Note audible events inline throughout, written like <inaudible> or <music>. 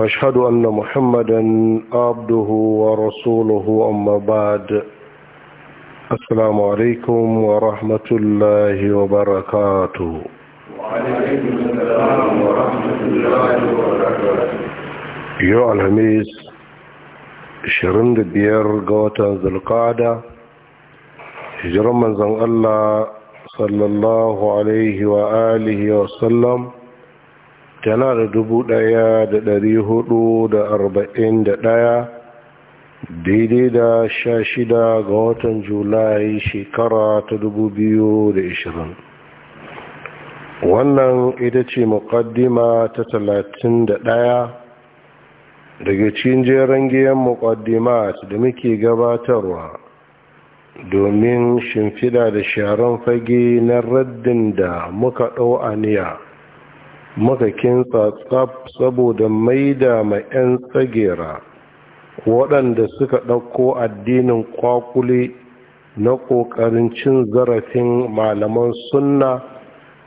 واشهد ان محمدا عبده ورسوله اما بعد السلام عليكم ورحمه الله وبركاته وعليكم السلام ورحمه الله وبركاته يا الهميس 25 ga watan zulqa'ada hijiran manzon Allah sallallahu alaihi wa alihi wa sallam tana da dubu ɗaya da ɗari hudu da arba'in da ɗaya daidai da sha shida ga watan julai shekara ta dubu biyu da ishirin wannan ita ce muƙaddima ta talatin da ɗaya daga cikin jeren giyan muƙaddima da muke gabatarwa domin shimfida da sharan fage na raddin da muka ɗau aniya muka kinsa tsab saboda maida ma 'yan tsagera waɗanda suka ɗauko addinin kwakule na ƙoƙarin cin zarafin malaman sunna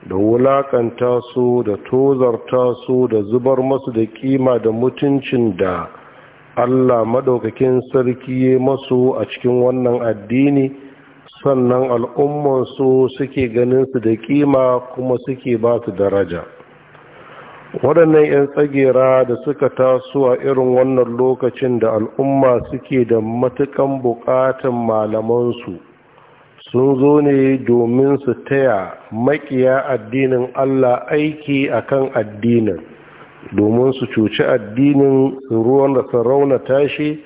da wulaƙanta su da tozarta su da zubar masu da ƙima da mutuncin da allah maɗaukakin sarki ya masu a cikin wannan addini sannan al'ummansu suke ganin su da ƙima kuma suke ba su daraja waɗannan 'yan tsagera da suka taso a irin wannan lokacin da al'umma suke da matukan buƙatan malamansu sun zo ne domin su taya makiya addinin allah aiki a kan addinin domin su cuci addinin ruwan da su raunata shi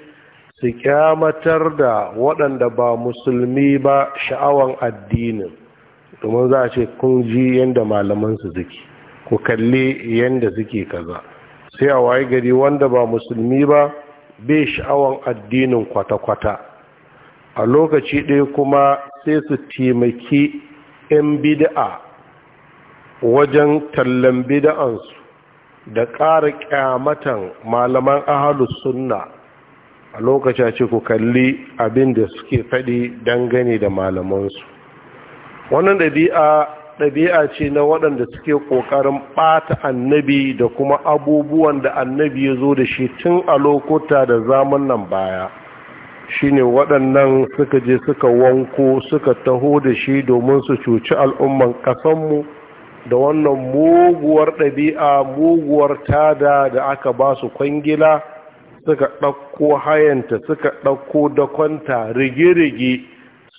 su kyamatar da waɗanda ba musulmi ba sha'awan addinin domin za a ce kun ji yadda malamansu suke ku kalli yanda suke kaza sai a waye gari wanda ba musulmi ba bai sha'awan addinin kwata-kwata a lokaci ɗaya kuma sai su taimaki 'yan bida'a wajen tallan bid'ansu da ƙara ƙyamatan malaman ahalus sunna a lokaci ce ku kalli abin da suke faɗi dangane da malamansu wannan ɗabi'a ɗabi'a ce na waɗanda suke ƙoƙarin ɓata annabi da kuma abubuwan da annabi ya zo da shi tun a lokuta da zaman nan baya shine waɗannan suka je suka wanko suka taho da shi domin su cuci al'umman ƙasanmu da wannan muguwar ɗabi'a muguwar tada da aka ba su kwangila suka ɗauko hayanta suka ɗauko dakonta rige-rige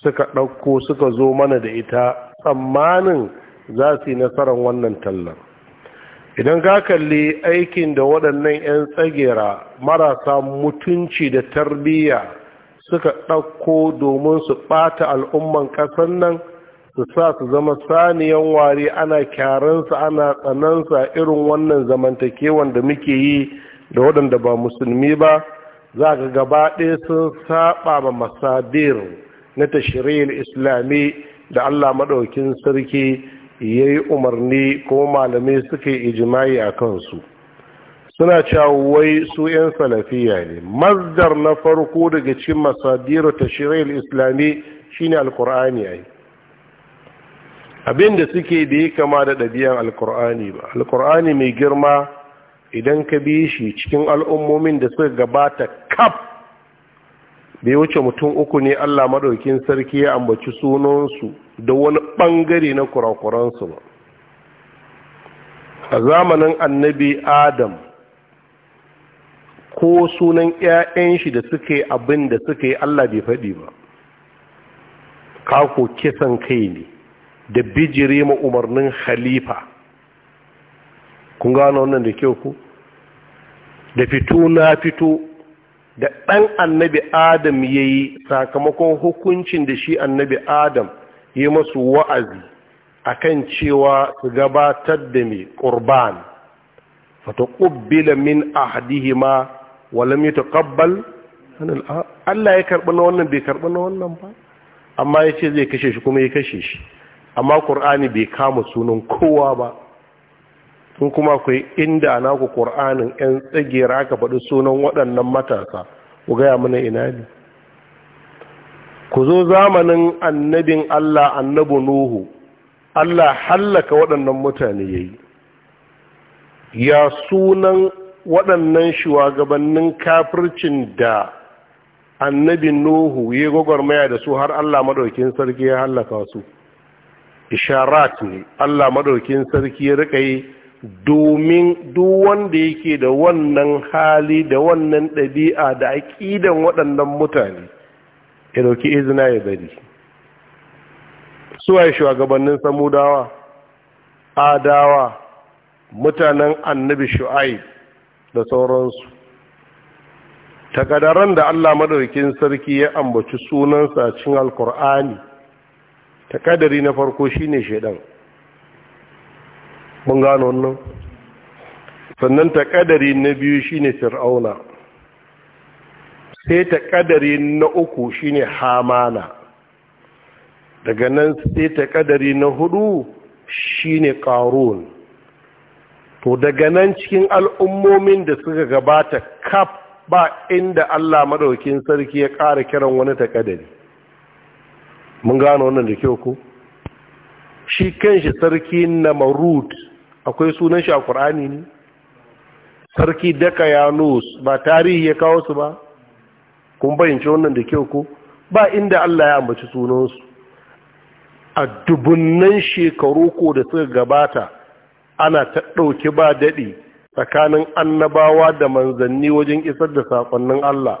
suka ɗauko suka zo mana da ita tsammanin za su yi nasarar wannan tallar idan ka kalli aikin da waɗannan 'yan tsagera marasa mutunci da tarbiyya suka ɗauko domin su ɓata al'umman ƙasar nan su sa su zama saniyan wari ana kyaransa ana tsanansa irin wannan zamantakewan da muke yi da waɗanda ba musulmi ba za ga gaba ɗaya sun saɓa ma masadir na tashirin islami da Allah maɗaukin sarki ya yi umarni kuma malamai suka yi ijimai a kansu suna cewa wai su 'yan salafiya ne mazdar na farko daga cikin masadiru ta shirin islami shine alkur'ani ai abinda suke da ya kama da ɗabi'an alkur'ani ba alkur'ani mai girma idan ka bi shi cikin al'ummomin da suka gabata kaf bai wuce mutum uku ne Allah maɗaukin sarki ya ambaci sunansu da wani ɓangare na kurakuransu ba a zamanin annabi adam ko sunan 'ya'yan shi da suka yi abin da yi Allah bai faɗi ba kako kisan kai ne da bijire ma umarnin halifa kun gano wannan da kyau ku da fito na fito da ɗan annabi adam ya yi sakamakon hukuncin da shi annabi adam ya masu wa'azi a kan cewa su gabatar da mai ƙurban fata ƙubbila min wala walam yi taƙabbal Allah ya karɓi na wannan bai karɓi na wannan ba amma ya ce zai kashe shi kuma ya kashe shi amma ƙur'ani bai kama sunan kowa ba sun kuma akwai inda na ku ƙur'anin 'yan tsagera aka faɗi sunan waɗannan matasa ku gaya mana ina ne ku zo zamanin annabin Allah annabu Nuhu Allah hallaka waɗannan mutane ya yi ya sunan waɗannan shugabannin kafircin da annabin Nuhu ya yi gwagwarmaya da su har Allah maɗaukin sarki ya hallaka su isharat ne Allah maɗaukin sarki ya riƙa yi domin duk wanda yake da wannan hali da wannan ɗabi'a da aƙidan waɗannan mutane ya dauki izina ya bari suwaye shugabannin samudawa adawa mutanen annabi shu'aib da sauransu takadaran da allah madaukin sarki ya ambaci sunansa cin cikin alkur'ani takadari na farko shine shaidan mun gano wannan sannan ta kadari na biyu shine fir'auna sai ta kadari na uku shine hamana daga nan sai ta kadari na hudu shine qarun to daga nan cikin al'ummomin da suka gabata kaf ba inda Allah madaukin sarki ya ƙara kiran wani ta kadari mun gano wannan da kyau ko shi kanshi sarki na marut akwai sunan shi a ƙur'ani ne sarki daka yanus ba tarihi ya kawo su ba kun bayyance wannan da kyau ko ba inda Allah ya ambaci sunansu a dubunnan shekaru ko da suka gabata ana ta ɗauki ba daɗi tsakanin annabawa da manzanni wajen isar da saƙonnin Allah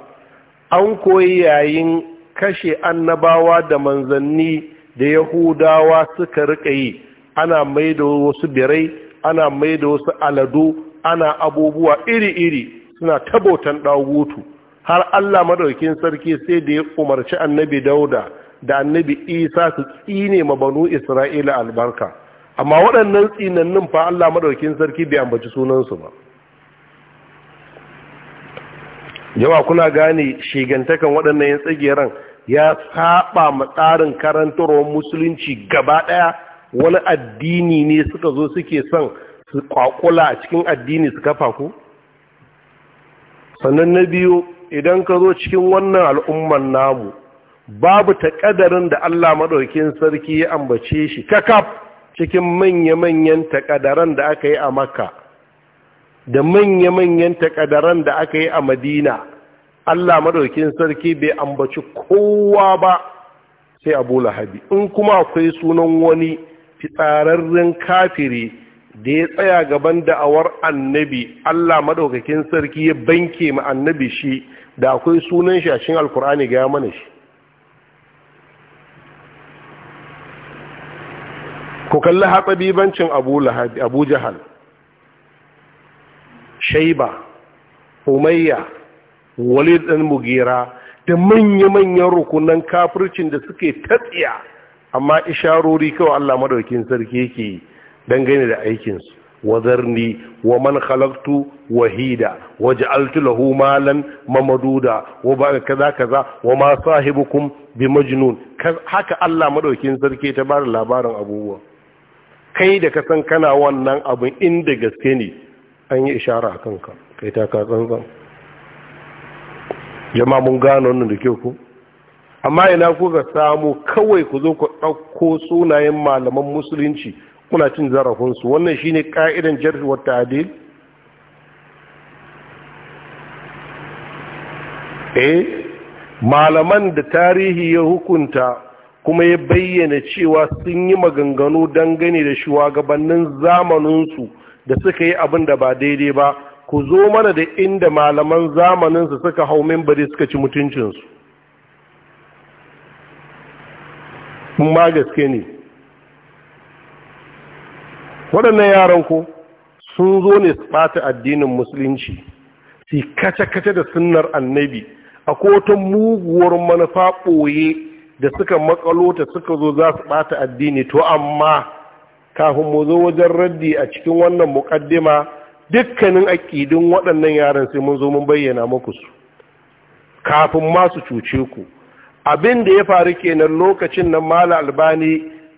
an koyi yayin kashe annabawa da manzanni da yahudawa suka riƙa yi ana maida wasu birai ana mai da wasu aladu ana abubuwa iri-iri suna tabotan ɗagutu har allah madaukin sarki sai da ya umarci annabi dauda da annabi isa su tsine ma banu isra'ila albarka amma waɗannan tsinannin fa allah madaukin sarki bai ambaci sunansu ba yawa kuna gane shigantakan waɗannan yan tsagiran ya saba ma tsarin karantarwar musulunci gaba ɗaya wani addini ne suka zo suke son su kwakula a cikin addini su kafa ku sannan na biyu idan ka zo cikin wannan al'umman namu babu taƙadarin da Allah maɗaukin sarki ya ambace shi kakaf cikin manya-manyan taƙadaran da aka yi a makka da manya-manyan takadaran da aka yi a madina Allah maɗaukin sarki bai ambaci kowa ba sai abu lahabi in kuma akwai sunan wani fitsararren kafiri da ya tsaya gaban da'awar annabi Allah madaukakin sarki ya banke ma annabi shi da akwai sunan shi a cikin alkur'ani ga mana shi ku kalli hatsabibancin abu abu jahal shaiba umayya walid ɗan mugera da manya-manyan rukunan kafircin da suke tatsiya amma isharori kawai Allah madaukin sarki yake dangane da aikinsu wazarni wa man khalaqtu wahida waj'altu lahu malan mamduda wa ba kaza kaza wa ma sahibukum bimajnun haka Allah madaukin sarki ta bar labarin abubuwa kai da ka san kana wannan abin inda gaske ne an yi ishara akan ka kai ta ka tsantsan jama'a mun gano wannan da kyau ko amma ina kuka ga samu kawai ku zo ku ɗauko sunayen malaman musulunci kuna cin zarafinsu wannan shine ka'idan jarhi wa ta'dil eh malaman da tarihi ya hukunta kuma ya bayyana cewa sun yi maganganu dangane da shugabannin zamaninsu da suka yi abin da ba daidai ba ku zo mana da inda malaman zamaninsu suka hau membari suka ci mutuncinsu ma gaske ne waɗannan yaran ko sun zo ne su ɓata addinin musulunci su kace-kace da sunnar annabi a wata muguwar manufa ɓoye da suka makalota suka zo za su ɓata addini to amma kafin mu zo wajen raddi a cikin wannan muƙaddima dukkanin aƙidin waɗannan yaran sai mun zo mun bayyana muku su kafin ma su cuce ku abin da ya faru kenan lokacin nan mala albani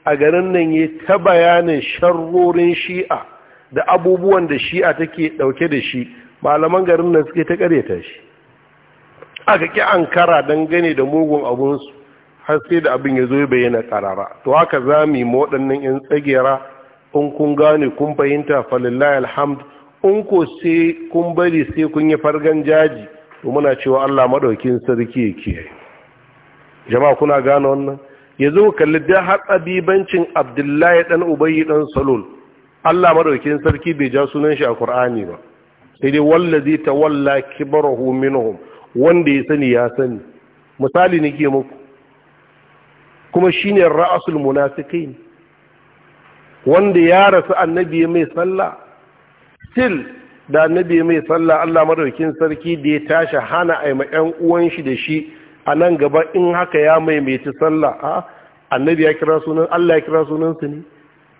a garin nan ya ta bayanin sharrorin shi'a da abubuwan da shi'a take dauke da shi malaman garin nan suke ta ta shi aka ki ankara dangane da mugun abunsu har sai da abin ya zo ya bayyana karara to haka za mu yi waɗannan 'yan tsagera in kun gane kun fahimta falillahi alhamd in ko sai kun bari sai kun yi fargan jaji to muna cewa allah maɗaukin sarki ya kiyaye jama'a kuna gano wannan yanzu kalli da abibancin abdullahi dan ubayyi dan salul Allah madaukin sarki bai ja sunan shi a Qur'ani ba sai dai wallazi tawalla kibrahu minhum wanda ya sani ya sani misali nake muku kuma shine ra'asul munafiqin wanda ya rasu annabi mai sallah still da annabi mai sallah Allah madaukin sarki da ya tashi hana aima yan uwan shi da shi a nan gaba in haka ya maimaiti sallah a annabi ya kira sunan Allah ya kira sunan ne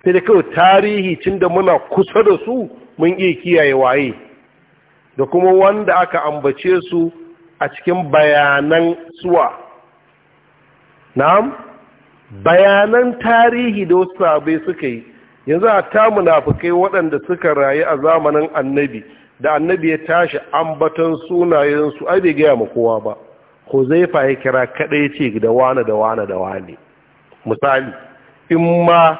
sai da kawai tarihi cin da muna kusa da su mun iya kiyaye waye da kuma wanda aka ambace su a cikin bayanan suwa na'am bayanan tarihi da wasu sabai suka yi yanzu a ta munafukai waɗanda suka rayu a zamanin annabi da annabi ya tashi ambatan sunayensu a bai gaya ma kowa ba huzaifa ya kira kadai ce da wane da wane da wane misali in ma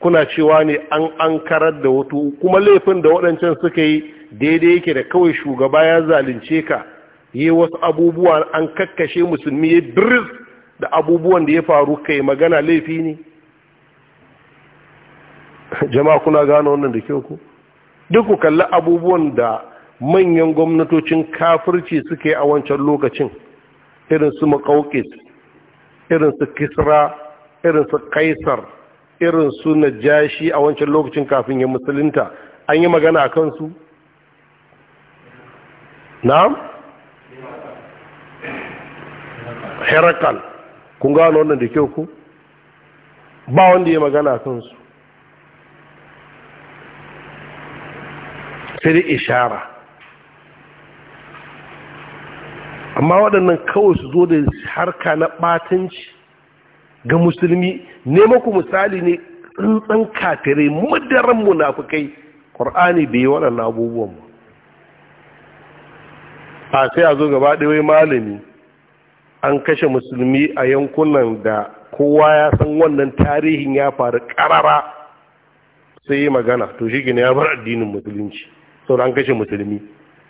kuna cewa ne an an karar da wato kuma laifin da waɗancan suka yi daidai yake da kawai shugaba ya zalunce ka yi wasu abubuwa an kakkashe musulmi ya biris da abubuwan da ya faru kai magana laifi ne jama'a kuna gano wannan da kyau ku duk ku kalli abubuwan da manyan gwamnatocin kafirci suke a wancan lokacin irin su makaukis irin su kisra irin su kaisar irin su najashi a wancan lokacin kafin ya musulunta an yi magana a kansu na'am herakal kun gano wannan da kyau ku ba wanda ya magana a kansu sai dai ishara amma waɗannan kawai su zo da harka na ɓatanci ga musulmi nema ku misali ne tsuntsun kafirai madaran munafukai ƙur'ani bai yi waɗannan abubuwan ba a sai a zo gaba ɗaya malami an kashe musulmi a yankunan da kowa ya san wannan tarihin ya faru ƙarara sai yi magana to shi gina ya bar addinin musulunci sau an kashe musulmi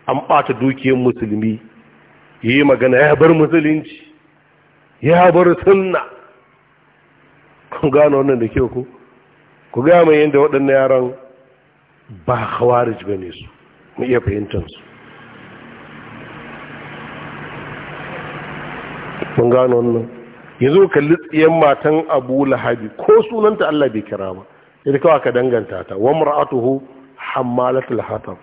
an ɓata dukiyar musulmi yi magana ya bar musulunci ya bar sunna kun gano wannan da ke ku ku gaya mai yadda waɗannan yaran ba hawarij ba ne su mu iya fahimtansu kun gano wannan yanzu kalli tsiyan matan abu lahabi ko sunanta allah bai kira ba sai kawai ka danganta ta wa mar'atuhu hammalatul hatab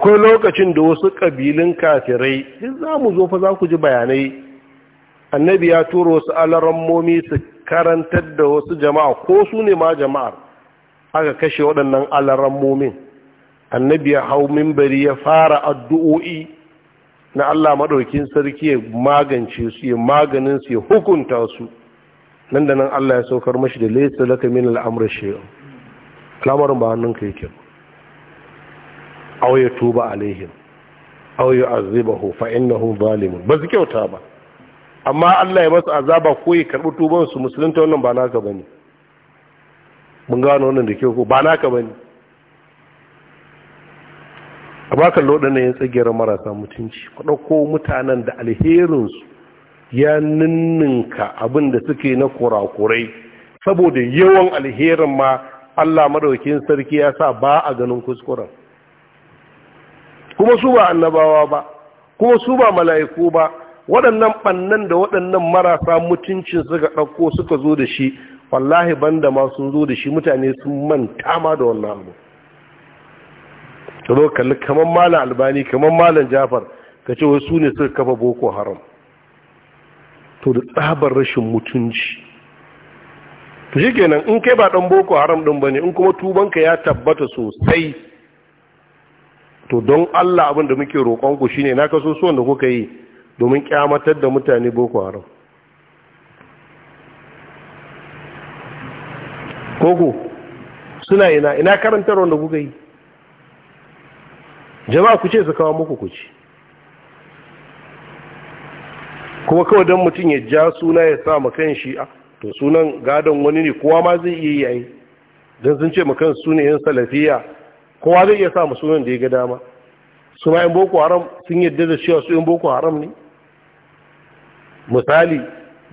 akwai lokacin da wasu ƙabilun kafirai duk za mu zo fa za ku ji bayanai annabi ya turo wasu alarammomi su karantar da wasu jama'a ko su ne ma jama'ar aka kashe waɗannan alarammomin annabi ya hau mimbari ya fara addu'o'i na Allah maɗaukin sarki ya magance su ya maganin su ya hukunta su nan da nan Allah ya saukar mashi da laysa laka min al'amr shay'un al'amarin ba ka yake ba aw ya tuba alaihim aw azibahu fa innahu zalimun ba su kyauta ba amma Allah ya masu azaba ko ya karbi tuban su musulunta wannan ba naka bane mun gano wannan da kyau ko ba naka bane a baka lodana yin tsagiyar marasa mutunci ku dauko mutanen da alherin su ya ninninka abin da suke na kurakurai saboda yawan alherin ma Allah madaukin sarki ya sa ba a ganin kuskuren kuma su ba annabawa ba kuma su ba mala'iku ba waɗannan ɓannan da waɗannan marasa mutuncin suka ɗauko suka zo da shi wallahi banda ma sun zo da shi mutane sun manta ma da wannan abu to kalli kamar malam albani kamar malam jafar ka ce wai su ne suka kafa boko haram to da tsabar rashin mutunci to shi kenan in kai ba ɗan boko haram ɗin ba ne in kuma tubanka ya tabbata sosai to don Allah abin da muke roƙon ku shine na kaso so da kuka yi domin kyamatar da mutane boko haram koko suna ina ina karantar wanda kuka yi jama'a ku ce su kawo muku ku ci kuma kawai don mutum ya ja suna ya sa makan shi a ah, to sunan gadon wani ne kowa ma zai iya yi don sun ce makan sunayen salafiya kowa zai iya sa mu sunan da ya ga dama su ma yan boko haram sun yadda da cewa su yan boko haram ne misali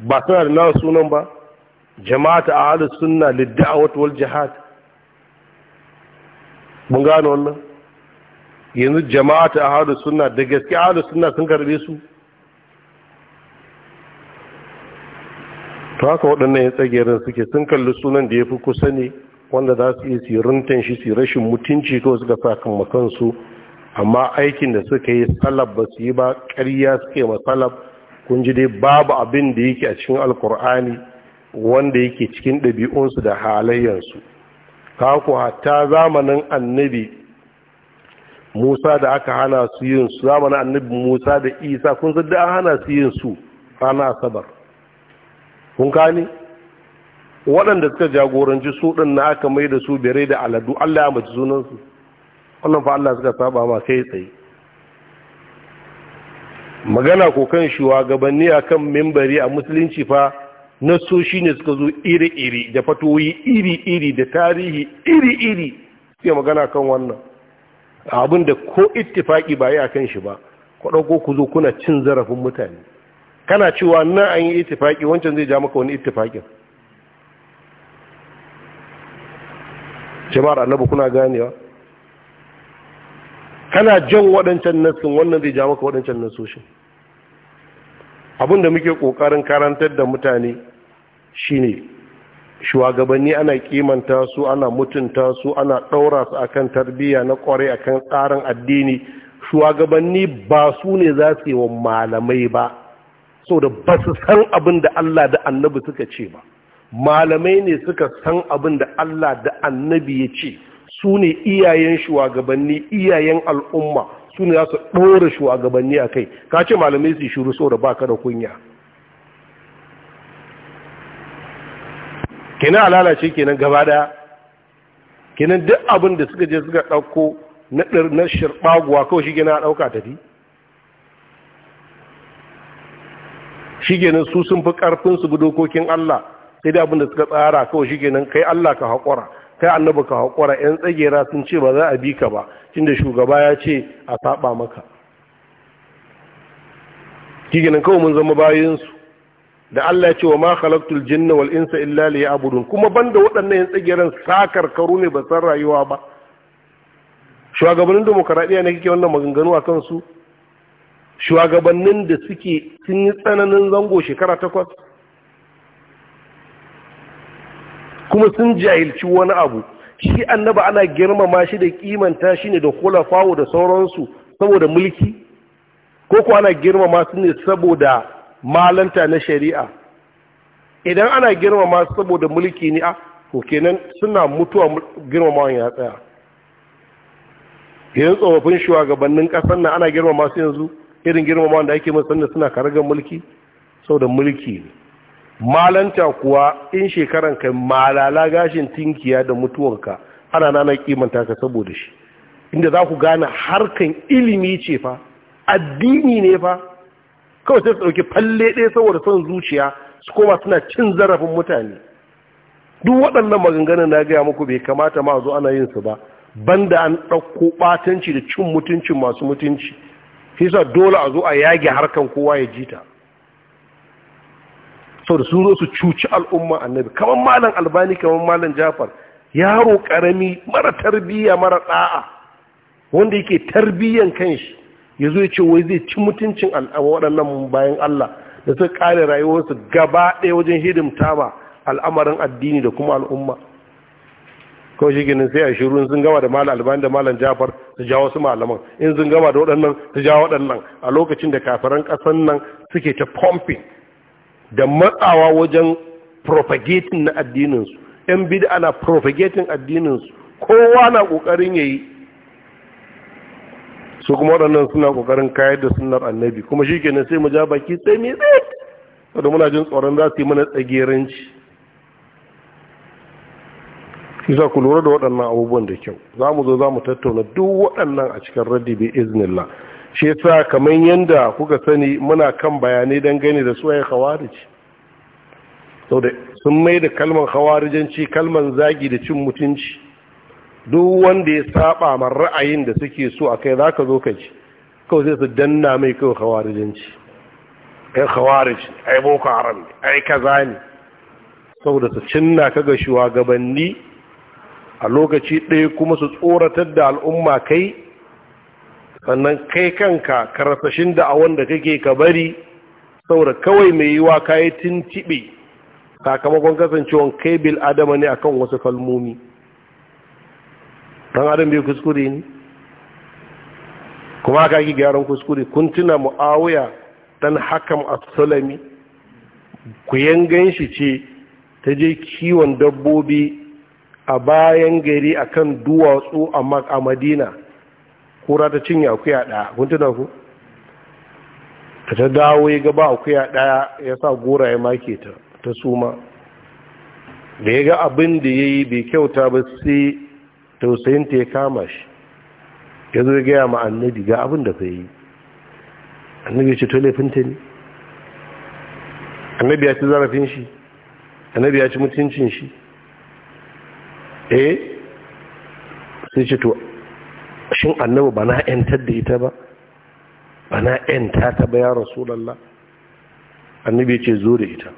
ba suna da nawa sunan ba jama'ata a halin sunna wata wal jihad mun gano wannan yanzu jama'ata a halin sunna da gaske a halin sunna sun karbe su ta haka waɗannan ya tsagerin suke sun kalli sunan da ya fi kusa ne wanda za su iya siruntan shi su rashin mutunci ko suka sa kan makansu amma aikin da suka yi salab ba su yi ba ƙarya yi ma salab kun ji dai babu abin da yake a cikin alkur'ani wanda yake cikin ɗabi'unsu da halayensu ku hatta zamanin annabi musa da aka hana su yin su zamanin annabi musa da isa kun san da an hana su yin su rana asabar kun kani waɗanda suka jagoranci su ɗin na aka mai da su bere da aladu Allah ya mace sunansu wannan fa Allah suka saba ma kai tsaye magana ko kan shugabanni a kan membari a musulunci fa na shi ne suka zo iri-iri da fatoyi iri-iri da tarihi iri-iri suke magana kan wannan abin da ko ittifaki ba yi a kan shi ba kwaɗauko ku zo kuna cin zarafin mutane kana cewa nan an yi ittifaki wancan zai ja maka wani ittifakin jama'ar annabi kuna ganewa kana jan waɗancan nassin wannan zai ja maka waɗancan nassoshin Abun da muke ƙoƙarin karantar da mutane shine shugabanni ana kimanta su ana mutunta su ana ɗaura su akan tarbiyya na ƙware akan tsarin addini shugabanni ba su ne za su yi wa malamai ba sau da ba su san abin da Allah da annabi suka ce ba malamai ne suka san abin da Allah da annabi ya ce su ne iyayen shugabanni iyayen al'umma su ne za su ɗora shugabanni a kai ka ce malamai su shuru so da baka da kunya kenan a lalace kenan gaba daya kenan duk abin da suka je suka ɗauko na shirɓaguwa kawai shi gina ɗauka tafi shi gina su sun fi ƙarfinsu bi dokokin Allah sai da abin da suka tsara kawai shikenan kai Allah ka haƙura kai annabi ka haƙura yan tsagera sun ce ba za a bi ka ba tunda shugaba ya ce a saba maka shikenan kawai mun zama bayin da Allah ya ce wa ma khalaqtul jinna wal insa illa liya'budun kuma banda waɗannan yan tsageran sakar karu ne ba san rayuwa ba shugabannin demokradiya ne kike wannan maganganu a kansu shugabannin da suke sun yi tsananin zango shekara takwas kuma sun jahilci wani abu shi annaba ana girmama shi da kimanta shi ne da kulafawo da sauransu saboda mulki ko ko ana girmama su ne saboda malanta na shari'a idan ana girmama su saboda mulki ne a ah, to kenan suna mutuwa girmamawa ya tsaya yin tsofaffin shugabannin kasar na ana girmama su yanzu irin girmamawa da ake masu sanda suna karagar mulki saboda mulki ne malanta kuwa in shekaran kai malala gashin tinkiya da mutuwanka ana nana kimanta ka saboda shi inda za ku gane harkan ilimi ce fa addini ne fa kawai sai su ɗauki falle ɗaya saboda son zuciya su koma suna cin zarafin mutane duk waɗannan maganganun na gaya muku bai kamata ma zo ana yin su ba banda an ɗauko ɓatanci da cin mutuncin masu mutunci fi sa dole a zo a yage harkan kowa ya jita saboda sun zo su cuci al'umma annabi kamar malam albani kamar malam jafar yaro karami mara tarbiyya mara da'a wanda yake tarbiyyan kanshi ya zo ya ce wai zai ci mutuncin al'amma waɗannan bayan Allah da suka kare rayuwarsu gaba ɗaya wajen hidimta ma al'amarin addini da kuma al'umma kawai shi ginin sai a shiru sun gama da malam albani da malam jafar su jawo su malaman in sun gama da waɗannan su jawo waɗannan a lokacin da kafaran ƙasan nan suke ta pumping da matsawa wajen propagating na addininsu yan bid'a na propagating addininsu kowa na kokarin yayi su kuma waɗannan suna kokarin kayar da sunnar annabi kuma shikenan sai mu ja baki sai mu tsaye saboda muna jin tsoron za su yi mana tsageranci za ku lura da waɗannan abubuwan da kyau za mu zo za mu tattauna duk waɗannan a cikin raddi bi iznillah shi ta kamar yanda kuka sani muna kan bayanai don dangane da suwaye khawarici sau da sun mai da kalman khawarijanci kalman zagi da cin mutunci duk wanda ya saba ma ra'ayin da suke so a kai za ka zo ka ji kawai sai su danna mai kawai khawarijanci kai khawarici ai boko haram ai kaza ne saboda su cinna ka ga shugabanni a lokaci ɗaya kuma su tsoratar da al'umma kai sannan kai kanka karsashin da a wanda kake ka bari saboda kawai mai yiwa ka yi tintiɓe sakamakon kasancewan kai adama ne akan wasu kalmomi ɗan adam bai kuskure ne kuma ka yi gyaran kuskure kun tuna mu'awuya ɗan hakan asalami ku yangan shi ce ta je kiwon dabbobi a bayan gari akan duwatsu a madina kura ta cinye akuya ɗaya kun tuna ku ta ta dawo ya gaba akuya ɗaya ya sa gora ya make ta ta suma da ya ga abin da ya yi bai kyauta ba sai tausayin ta ya kama shi ya zo ya gaya ma annabi ga abin da ka yi annabi ya ce to ta ne annabi ya ci zarafin shi annabi ya ci mutuncin shi eh sai ce to shin annabi ba na ‘yantar da ita ba ba na ‘yanta ta ba ya rasulallah annabi ya ce zo da ita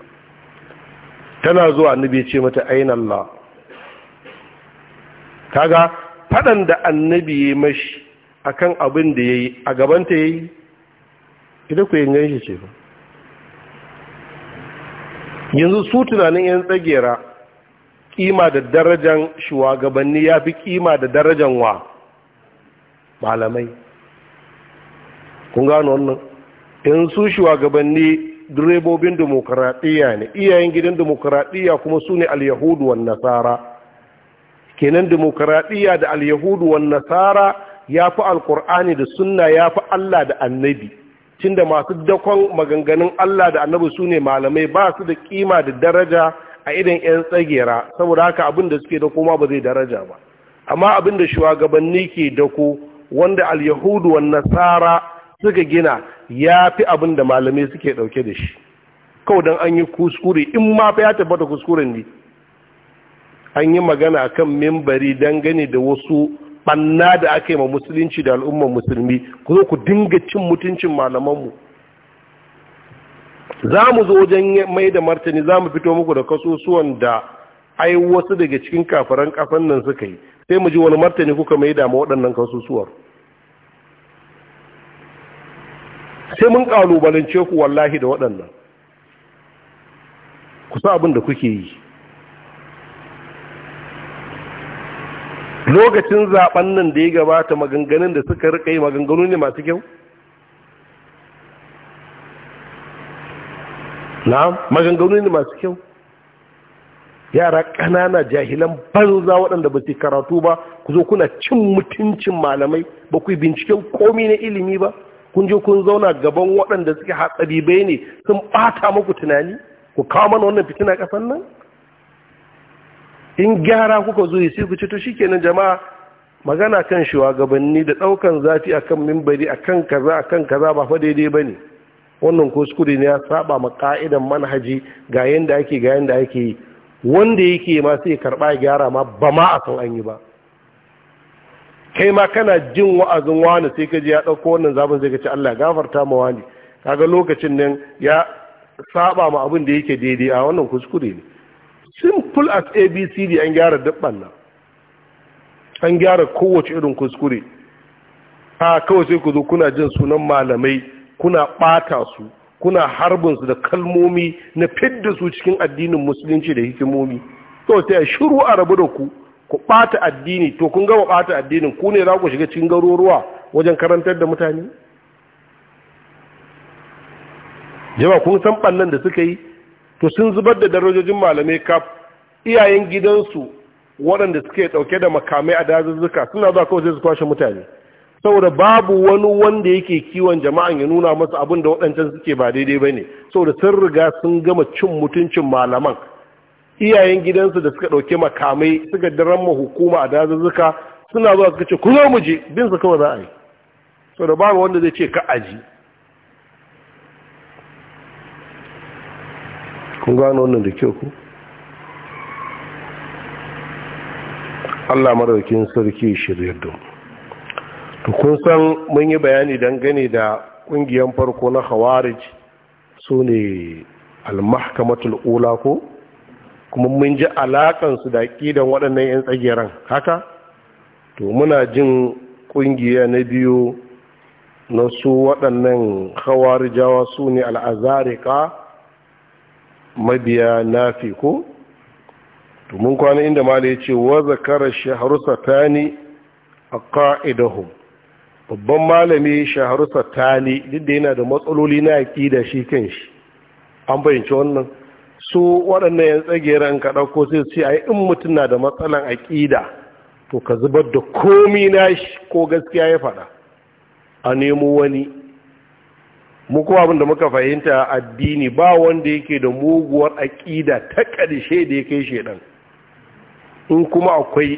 tana zuwa annabi ya ce mata ainihin Allah kaga faɗan da annabi ya mashi akan abin da ya yi a gabanta ya yi ita ku yin ganshi ce ba yanzu su tunanin yan tsagera kima da darajan shugabanni ya fi kima da darajan wa malamai kun gano wannan in su shugabanni direbobin demokuraɗiyya ne iyayen gidan demokuraɗiyya kuma su ne al nasara kenan demokuraɗiyya da al-yahudu nasara ya fi alkur'ani da sunna ya fi allah da annabi tunda masu dakon maganganun allah da annabi su ne malamai ba su da kima da daraja a idan 'yan tsagera saboda haka abin da suke da kuma ba zai daraja ba amma abin da shugabanni ke dako wanda al-yahudu wan nasara suka gina yafi abin da malamai suke dauke da shi kawai dan an yi kuskure in ma fa ya tabbata kuskuren ne an yi magana akan membari dangane da wasu banna da aka yi ma musulunci da al'ummar musulmi ku zo ku dinga cin mutuncin malamanmu za mu zo wajen mai da martani za mu fito muku da kasusuwan da ai wasu daga cikin kafiran kafan nan suka yi sai mu ji wani martani kuka mai dama waɗannan kasusuwar sai mun kalubalance ku wallahi da waɗannan ku sa abin da kuke yi lokacin zaben nan da ya gabata maganganun da suka rika yi maganganu ne masu kyau na maganganu ne masu kyau yara ƙanana jahilan banza waɗanda ba su karatu ba ku zo kuna cin mutuncin malamai ba ku binciken komi na ilimi ba kun je kun zauna gaban waɗanda suke hatsari bai ne sun ɓata muku tunani ku kawo mana wannan fitina ƙasan nan in gyara kuka zo sai ku shi to jama'a magana kan shugabanni da ɗaukan zafi a kan mimbari akan kaza akan kaza ba fa daidai ne. wannan kuskure ne ya saba ma ka'idan manhaji ga yanda ake ga yanda ake yi wanda yake ma sai karɓa ya gyara ma ba ma a san an yi ba kai ma kana jin wa'azin wani sai ka je ya ɗauko wannan zabin sai ka Allah gafarta ma wani kaga lokacin nan ya saba ma abin da yake daidai a wannan kuskure ne simple as abcd an gyara dubban nan an gyara kowace irin kuskure a kawai sai ku zo kuna jin sunan malamai kuna ɓata su kuna harbin su da kalmomi na fidda su cikin addinin musulunci da hikimomi to sai shiru a rabu da ku ku ɓata addini to kun gama ɓata addinin ku ne za ku shiga cikin garuruwa wajen karantar da mutane jama kun san ɓannan da suka yi to sun zubar da darajojin malamai kaf iyayen gidansu waɗanda suke ɗauke da makamai a dazuzzuka suna zuwa kawai sai su kwashe mutane saboda babu wani wanda yake kiwon jama'an ya nuna masa abin da waɗancan suke ba daidai ba ne saboda sun riga sun gama cin mutuncin malaman iyayen gidansu da suka ɗauke makamai suka ma hukuma a dazuzzuka suna zuwa suka ce ku zo mu je bin su kawai za a yi saboda babu wanda zai ce ka aji kun gano wannan da kyau ku Allah maraukin sarki shirya don kun san mun yi bayani dangane da ƙungiyar farko na khawarij su ne almahkamatul ula ko kuma mun ji alakansu da ƙidan waɗannan 'yan tsageren haka to muna jin ƙungiya na biyu na su waɗannan khawarijawa su ne al'azarika mabiya fi ko to mun kwana inda ma da ya ce wa zakara shaharu satani a ƙa'idahun babban malami shaharu sattani duk da yana da matsaloli na aƙida shi kan shi an bayyance wannan su waɗannan yan tsageren ka ɗauko sai su yi in mutum na da matsalan aƙida to ka zubar da komi na shi ko gaskiya ya faɗa a nemo wani mu abin da muka fahimta addini ba wanda yake da muguwar aƙida ta ƙarshe da ya kai shaiɗan. in kuma akwai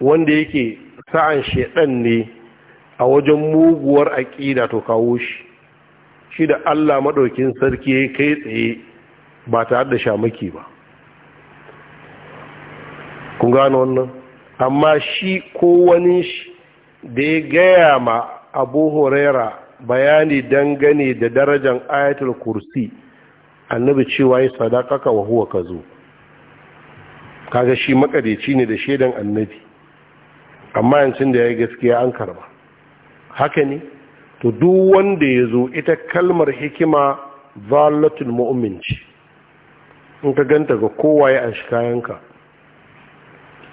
wanda yake sa'an shaiɗan ne a wajen muguwar aƙida to kawo shi shi da Allah maɗaukin sarki ya kai tsaye ba tare da shamaki ba kun gano wannan amma shi ko wani shi da ya gaya ma abu horera bayani dangane da darajan ayatul kursi annabi cewa ya sadakaka wa huwa ka zo kaga shi makadeci ne da shaidan annabi amma yancin da ya gaskiya an karba haka ne to duk wanda ya zo ita kalmar hikima zalatul mu'min ce in ka ganta ga kowa ya an shi kayanka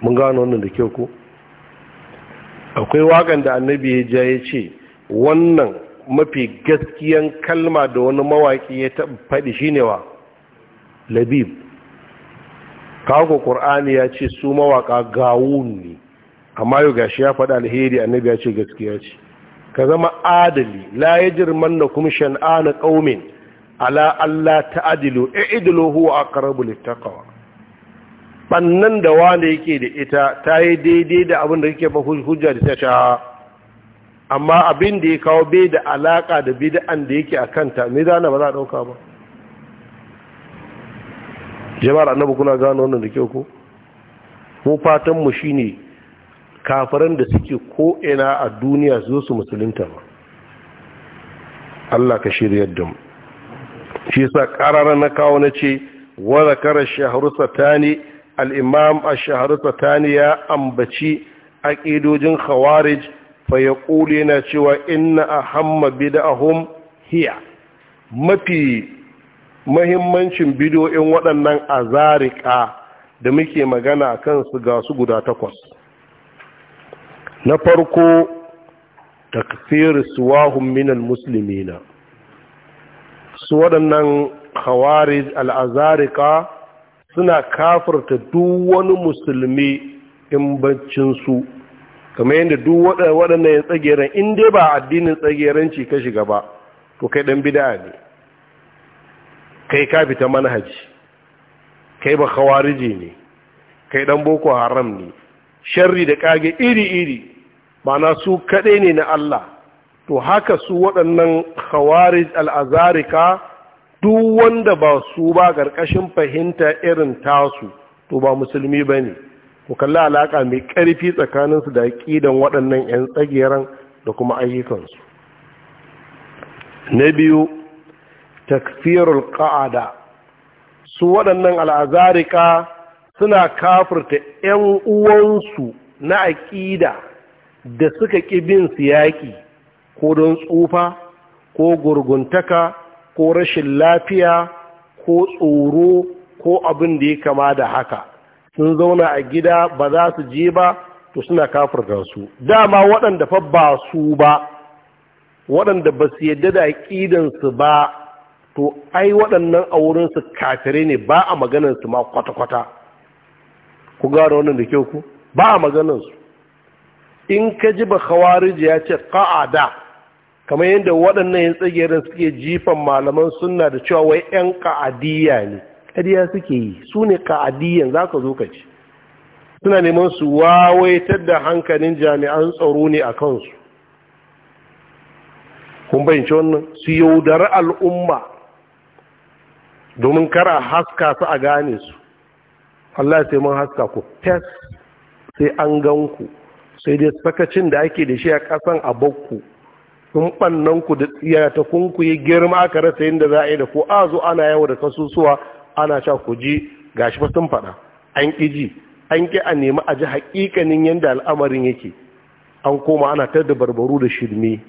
mun gano wannan da kyau ko akwai wakan da annabi ya ja ya ce wannan mafi gaskiyan kalma da wani mawaki ya faɗi shi ne wa labib kawo ƙur'ani ya ce su mawaka gawun ne amma yau gashi ya faɗi alheri annabi ya ce gaskiya ce ka zama adali la shan'a shan'ana ƙaumin ala Allah adilo ta'dilu idilo huwa aqrabu littaqwa bannan da wanda yake da ita ta yi daidai da abin da yake hujja da ta sha amma abin da ya kawo bai da alaƙa da bid'an da yake a kanta me zana ba za a ɗauka ba jama'ar annabi kuna gano wannan da kyau ko mu fatan mu shine kafaran da suke ko'ina a duniya zo su musulunta ba Allah ka shiryar da mu shi sa ƙarara na kawo na ce wa zakara shaharu satani al'imam a shaharu satani ya ambaci a khawarij fa ya ƙuli na cewa inna a hamma bida'ahum hiya mafi mahimmancin bidoyin waɗannan azarika da muke magana a su ga su guda takwas na farko takfir suwahun minal musulmina su waɗannan hawari al'azarika suna kafarta duk wani musulmi in su, kamar yadda duk waɗannan yin tsageren in dai ba addinin tsagerenci ka shiga ba to kai ɗan bida ne kai ka fita manhaji kai ba hawariji ne kai ɗan boko haram ne sharri da kage iri-iri ma'ana su kaɗai ne na Allah to haka su waɗannan khawarij al'azarika duk wanda ba su ba ƙarƙashin fahimta irin tasu to ba musulmi ba ne ku kalli alaƙa mai ƙarfi tsakaninsu da ƙidan waɗannan 'yan tsagiran da kuma ayyukansu na biyu takfirul ƙa'ada su waɗannan al'azarika suna kafirta ‘yan uwansu na aƙida da suka ƙi bin siyaƙi ko don tsufa ko gurguntaka ko rashin lafiya ko tsoro ko abin da ya kama da haka sun zauna a gida ba za su je ba to suna kafirta su dama waɗanda fa ba su ba waɗanda ba su yadda da ƙidansu ba to ai waɗannan a wurinsu kafirai ne ba a maganansu ma kwata-kwata ku gano wannan da kyau ku ba a maganansu in ka ji ba khawarij ya ce qa'ada kamar yadda waɗannan yan tsagerin suke jifan malaman sunna da cewa wai yan qa'adiyya ne ƙarya suke yi su ne qa'adiyyan zaka zo ka ci suna neman su wawaitar da hankalin jami'an tsaro ne a kansu kun bayyance wannan su yaudari al'umma domin kar a haska su a gane su Allah ya mun haska ku fes sai an gan ku sai dai sakacin da ake da shi a kasan abokku in bannan ku da tsiya ta kunkuye girma aka rasa yadda za a yi da ku a zo ana yawo da kasusuwa ana sha ku ji gashi fa sun faɗa an ƙi ji an ƙi a nemi a ji haƙiƙanin yadda al'amarin yake an koma ana ta da barbaru da shirme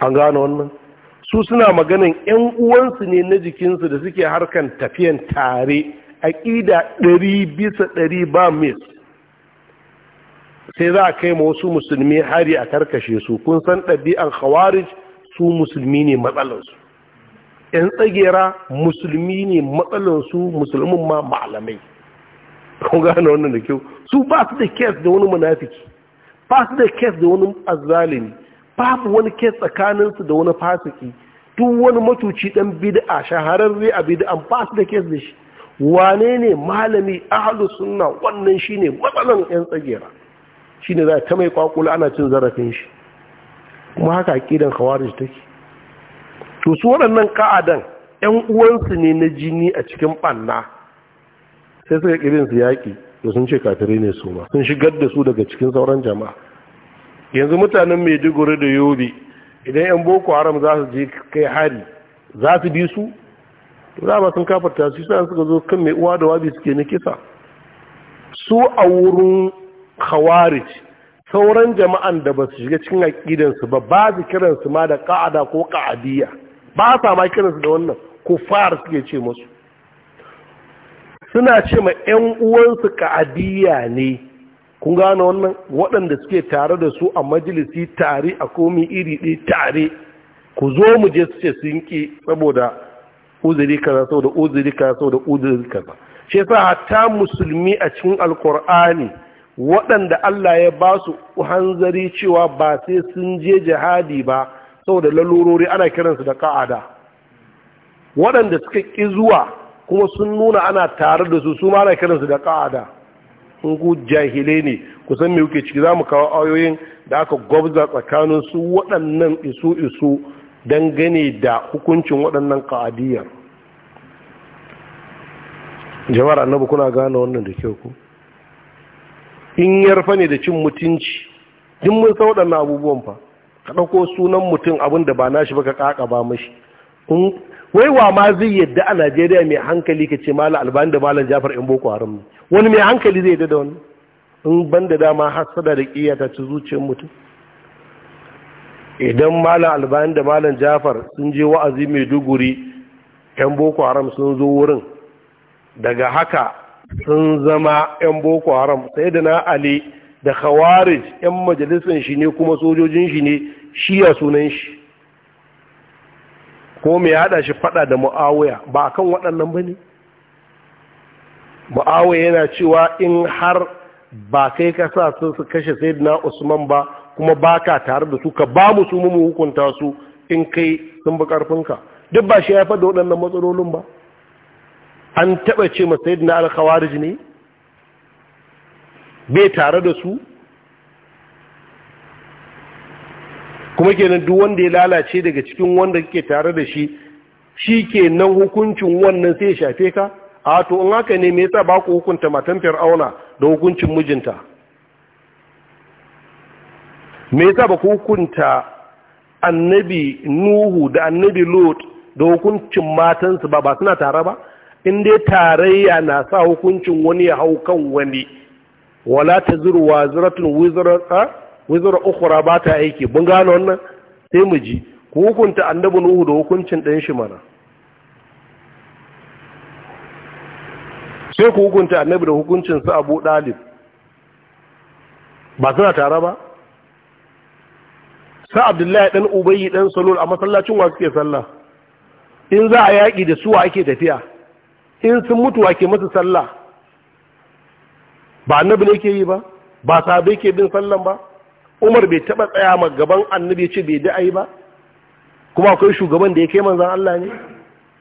an gano wannan su suna maganin yan uwansu ne na jikinsu da suke harkan tafiyan tare aƙida ɗari bisa ɗari ba mis sai za a kai ma wasu musulmi hari a karkashe su kun san ɗabi'an khawarij su musulmi ne matsalansu ‘yan tsagera musulmi ne matsalansu musulmin ma malamai kun gane wannan da kyau su ba su da kes da wani munafiki ba su da kes da wani azzalimi su wani kes tsakaninsu da wani fasiki duk wani matuci dan bid'a shahararre a bid'an ba su da kes da shi wane ne malami ahlus sunna wannan shine matsalan ‘yan tsagera shine za ta mai kwakula ana cin zarafin shi kuma haka aqidan khawarij take to su waɗannan ka'adan ƴan uwansu ne na jini a cikin ɓanna sai suka kirin su yaƙi da sun ce katire ne su ma sun shigar da su daga cikin sauran jama'a yanzu mutanen maiduguri da yobe idan ƴan boko haram za su je kai hari za su bi su to za ba sun kafarta su sa suka zo kan mai uwa da wabi suke na kisa su a wurin khawarij sauran jama'an da ba su shiga cikin aƙidansu ba ba su kiransu ma da ƙa'ada ko ƙa'adiyya ba sa ma kiransu da wannan fara suke ce musu suna ce ma 'yan uwansu ƙa'adiyya ne kun gane wannan waɗanda suke tare da su a majalisi tare a komi iri ɗaya tare ku zo mu je su ce sun ki saboda uzuri kaza saboda uzuri kaza saboda uzuri kaza shi yasa hatta musulmi a cikin alkur'ani waɗanda Allah ya ba su hanzari cewa ba sai sun je jihadi ba saboda lalurori ana kiransu da ka'ada waɗanda suka ƙi zuwa kuma sun nuna ana tare da su su ma ana kiransu da ka'ada sun ku jahile ne Ku san me kuke ciki za mu kawo ayoyin da aka gwabza tsakanin su waɗannan isu isu dangane da hukuncin waɗannan ka'adiyar jama'ar annabi kuna gane wannan da kyau ku in yarfa ne da cin mutunci duk mun sa waɗannan abubuwan fa ka ɗauko sunan mutum abin da ba nashi ba ka ƙaƙa ba mashi wai wa ma zai yadda a najeriya mai hankali ka ce malam albani da malam jafar in boko haram ne wani mai hankali zai yadda da wani in ban da dama hassada da ƙiyata ci zuciyar mutum idan malam albani da malam jafar sun je wa'azi mai duguri yan boko haram sun zo wurin daga haka sun zama 'yan boko haram sai da na ali da khawarij 'yan majalisun shi ne kuma sojojin shi ne shiya sunan shi ko mai yada shi fada da mu'awaya ba kan waɗannan ba ne mu'awaya yana cewa in har ba kai ka sa sun su kashe sai na usman ba kuma ba ka tare da su ka ba mu su mu hukunta su in kai sun bi ƙarfinka duk ba shi ya da waɗannan matsalolin ba an taɓa ce ma yadda na khawarij ne bai tare da su kuma kenan duk wanda ya lalace daga cikin wanda kake tare da shi shi ke nan hukuncin wannan sai ya shafe ka a to in haka ne me yasa ba ku hukunta matan fir'auna da hukuncin mijinta me yasa ba ku hukunta annabi nuhu da annabi lot da hukuncin matansu ba ba suna tare ba in dai tarayya na sa hukuncin wani ya hau kan wani wala ta zuru wa ziratun wizara ukura ba ta aiki bun gano wannan sai mu ji ku hukunta annabi nuhu da hukuncin ɗan shi mana sai ku hukunta annabi da hukuncin su abu ɗalib ba suna tare ba sa abdullahi ɗan ubayi ɗan salul a masallacin wa suke sallah in za a yaƙi da suwa ake tafiya in sun mutuwa ke musu sallah ba annabi ne ke yi ba ba sahabai ke bin sallan ba umar bai taba tsaya ma gaban annabi ce bai da'ai ba kuma akwai shugaban da ya kai manzan Allah ne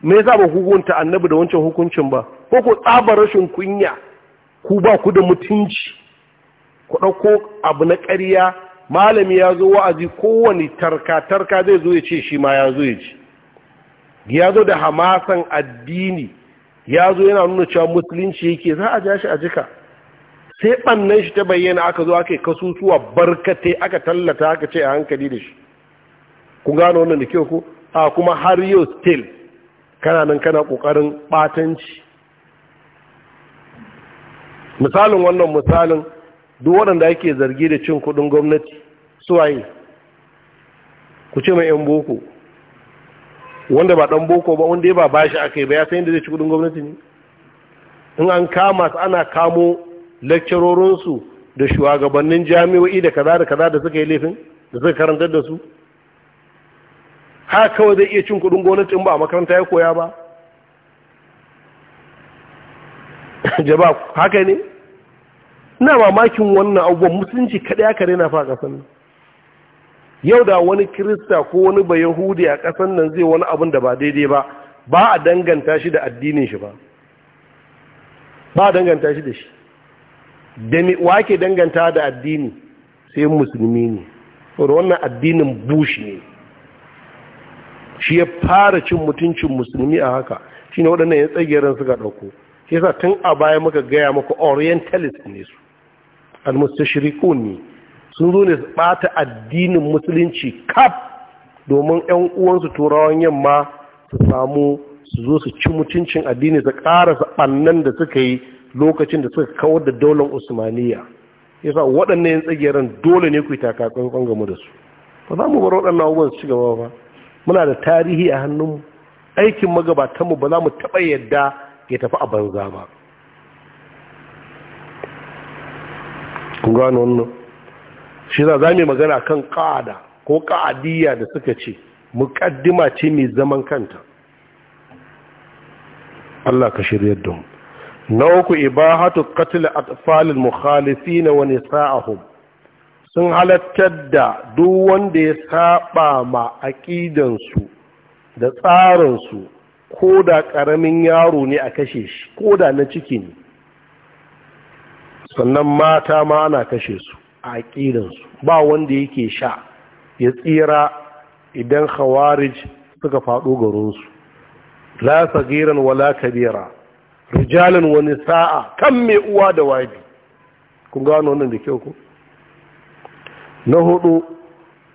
me yasa ba hukunta annabi da wancan hukuncin ba ko ku tsabar rashin kunya ku ba ku da mutunci ku ɗauko abu na ƙarya malami ya zo wa'azi kowane tarka-tarka zai zo ya ce shi ma ya zo ya ci ya zo da hamasan addini ya zo yana nuna cewa musulunci yake za a ja shi a jika sai ɓannan shi ta bayyana aka zo aka yi kasusuwa barkatai aka tallata aka ce a hankali da shi ku gano wannan da kyau ku a kuma har yau still kana nan kana ƙoƙarin ɓatanci misalin wannan misalin duk waɗanda ake zargi da cin kuɗin gwamnati suwaye ku ce mai 'yan boko wanda ba dan boko ba wanda ya ba bashi akai ba ya san yadda zai ci kudin gwamnati ne in an kama su ana kamo lakcarorinsu da shugabannin jami'o'i da kaza da kaza da suka yi laifin da suka karantar da su haka kawai zai iya cin kudin gwamnati in ba a makaranta ya koya ba <laughs> jaba haka ne ina mamakin wannan abubuwan musulunci kaɗai aka rena fa a ƙasar nan yau da wani kirista ko wani ba yahudi a kasan nan zai wani abin da ba daidai ba ba a danganta shi da addinin shi ba ba a danganta shi da shi da wa ke danganta da addini sai musulmi ne wadda wannan addinin bush ne shi ya fara cin mutuncin musulmi a haka ne waɗannan ya tsagerin suka ɗauko shi yasa tun a baya muka gaya maka orientalist ne su al-mustashrikun ne sun zo ne su ɓata addinin musulunci kaf domin 'yan uwansu turawan yamma su samu su zo su ci mutuncin addini su ƙarasa ɓannan da suka yi lokacin da suka kawar da daular usmaniya yasa waɗannan yin tsagiyaran dole ne ku yi takakon game da su ba za mu bar waɗannan abubuwan su ci gaba ba muna da tarihi a hannunmu aikin magabatanmu ba za mu taɓa yadda ya tafi a banza ba kun gano wannan shi za mu magana kan ƙa'ada ko ƙa'adiyya da suka ce muƙaddima ce mai zaman kanta Allah ka shirya da mu na uku ibahatu qatl atfalil mukhalifin wa nisa'ahum sun halattar da duk wanda ya saba ma aqidan su da tsarinsu, su ko da ƙaramin yaro ne a kashe shi ko da na ciki ne sannan mata ma ana kashe su a aƙidansu ba wanda yake sha ya tsira idan khawarij suka faɗo garinsu la sagiran wala kabira rijalan wani sa'a kan mai uwa da wabi kun gano wannan da kyau ku na hudu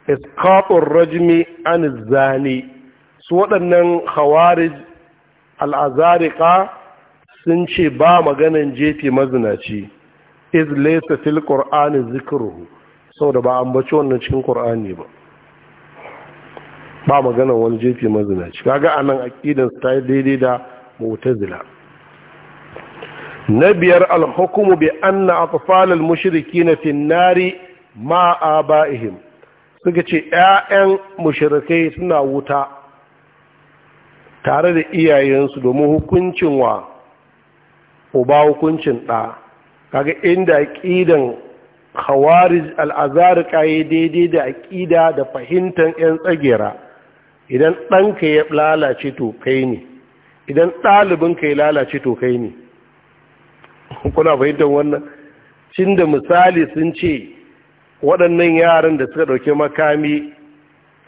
iskatun rajmi an zane su waɗannan khawarij al'azariƙa sun ce ba maganan jefe mazinaci iz laysa fil qur'ani zikruhu saboda ba ambaci wannan cikin qur'ani ba ba magana wani jefi mazinaci kaga anan aqidan ta daidai da mu'tazila na biyar alhukumu bi anna al-mushrikin fi nari ma abaihim suka ce ƴaƴan mushrikai suna wuta tare da iyayensu domin hukuncin wa uba hukuncin ɗa kaga inda aqidan khawarij al-azhar kai daidai da aqida da fahimtar yan tsagera idan ɗanka ya lalace to kai ne idan ɗalibinka ya lalace to kai ne kuna fahimtar wannan cin da misali sun ce waɗannan yaran da suka ɗauki makami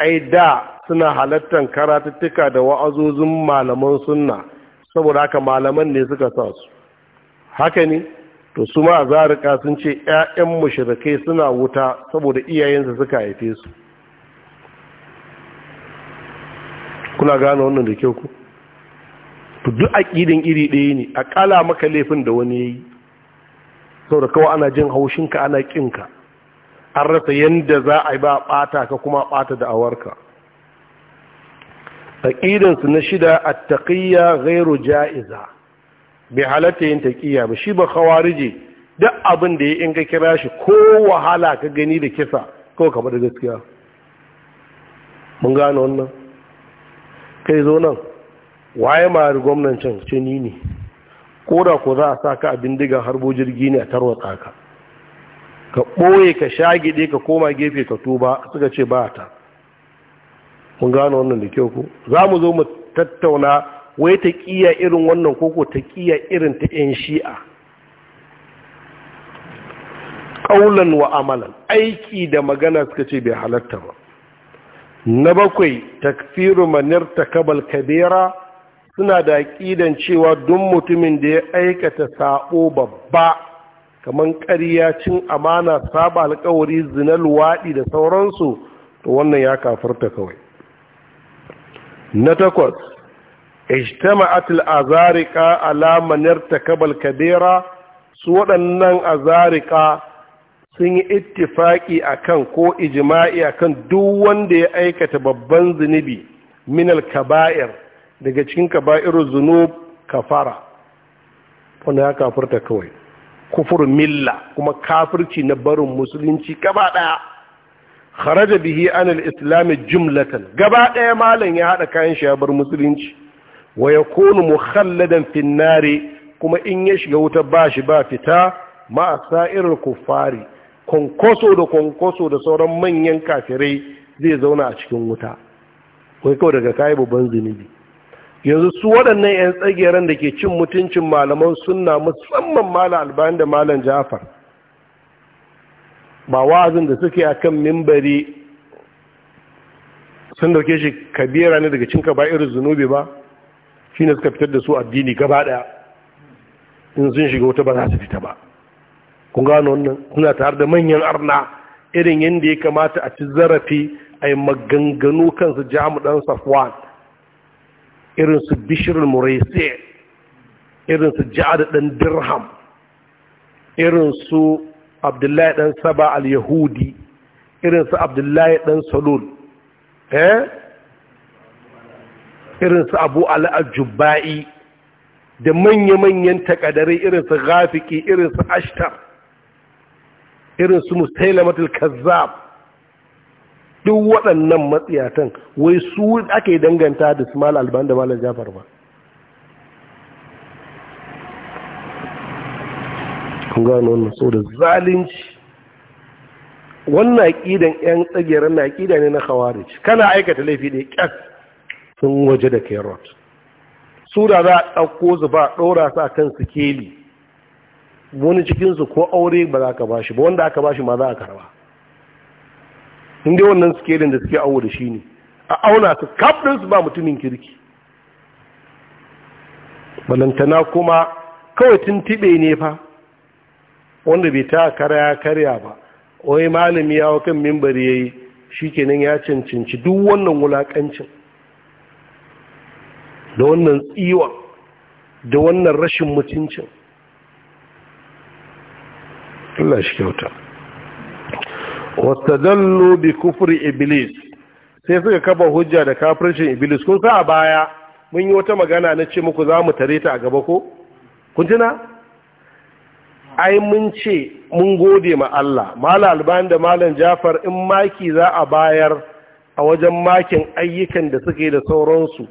ai da suna halattar karatuttuka da wa'azozin malaman sunna saboda haka malaman ne suka sa su haka ne to su ma zarika sun ce yayan mashirakai suna wuta saboda iyayensa suka haife su kuna gane wannan da kyau ku to duk aqidan iri ɗaya ne a ƙala maka laifin da wani yayi saboda kawai ana jin haushinka ana kinka an rasa yadda za a yi ba ɓata ka kuma ɓata da awarka A na shida a taƙiyya ja'iza bai halatta yin taƙiya ba shi ba kawarije duk abin da ya in ka kira shi ko wahala ka gani da kisa ko ka da gaskiya mun gane wannan kai zo nan waye mari gwamnan can ce ne ko da ko za a sa ka a bindigan harbo jirgi ne a tarwatsa ka ka ɓoye ka sha shagide ka koma gefe ka tuba suka ce ba ta mun gane wannan da kyau ku za mu zo mu tattauna wai ta kiya irin wannan koko ta kiya irin ta 'yan shi'a ƙaunan wa amalan aiki da magana suka ce bai halatta ba na bakwai takfiru manar kabal kabera suna da ƙidan cewa duk mutumin da ya aikata saɓo babba kamar ƙarya cin amana saba alkawari zina luwaɗi da sauransu to wannan ya kafarta kawai na takwas ijtama'at al-azariqa ala man irtakaba su waɗannan azariqa sun yi ittifaki akan ko ijma'i akan duk wanda ya aikata babban zunubi minal kabair daga cikin kaba'irul zunub kafara wanda ya kafirta kawai kufur milla kuma kafirci na barin musulunci gaba daya kharaja bihi an islami jumlatan gaba daya malam ya hada kayan shi ya bar musulunci wa kunu mukhalladan fin kuma in ya shiga wuta ba shi ba fita ma sa'irar kufari konkoso da konkoso da sauran manyan kafirai zai zauna a cikin wuta kai kawai daga kayi babban zunubi yanzu su waɗannan 'yan tsageren da ke cin mutuncin malaman sunna musamman malam albani da malam jafar ba wa'azin da suke a kan mimbari sun dauke shi kabira ne daga cin irin zunubi ba shi ne suka fitar da su addini gaba ɗaya in sun shiga wata ba za su fita ba kun gano wannan suna tare da manyan arna irin yadda ya kamata a ci zarafi a yi maganganu kansu jamu Dan safwan irin su bishirin muraisi irin su ja'ad ɗan dirham irin su abdullahi Dan saba al-yahudi irin su abdullahi Dan salul eh irin su abu al'ajubba'i da manya-manyan takadare irin su gafiki irin su ashtar irin su mustailamatul kazzab duk waɗannan matsiyatan wai su ake danganta da su mal alban da malar jafar ba kun gano wannan so da zalunci wannan aƙidan 'yan tsagiyar na aƙida ne na kawarici kana aikata laifi da ƙyar? sun waje da kairot su da za a ɗauko su ba ɗora su a kan sikeli wani cikinsu ko aure ba za ka ba shi ba wanda aka ba shi ma za a karba inda wannan sikelin da suke awo da shi ne a auna su kafin su ba mutumin kirki balantana kuma kawai tuntube ne fa wanda bai ta karya karya ba wai malami ya kan mimbar ya yi shi kenan ya cancanci duk wannan wulaƙancin da wannan tsiwon da wannan rashin mutuncin Allah shi kyauta wastadallu bi kufri iblis sai suka kaba hujja da kafircin iblis kun sa a baya mun yi wata magana na ce muku za mu tare ta a gaba ko kun tuna ai mun ce mun gode ma Allah malam alban da malam Jafar in maki za a bayar a wajen makin ayyukan da suke da sauransu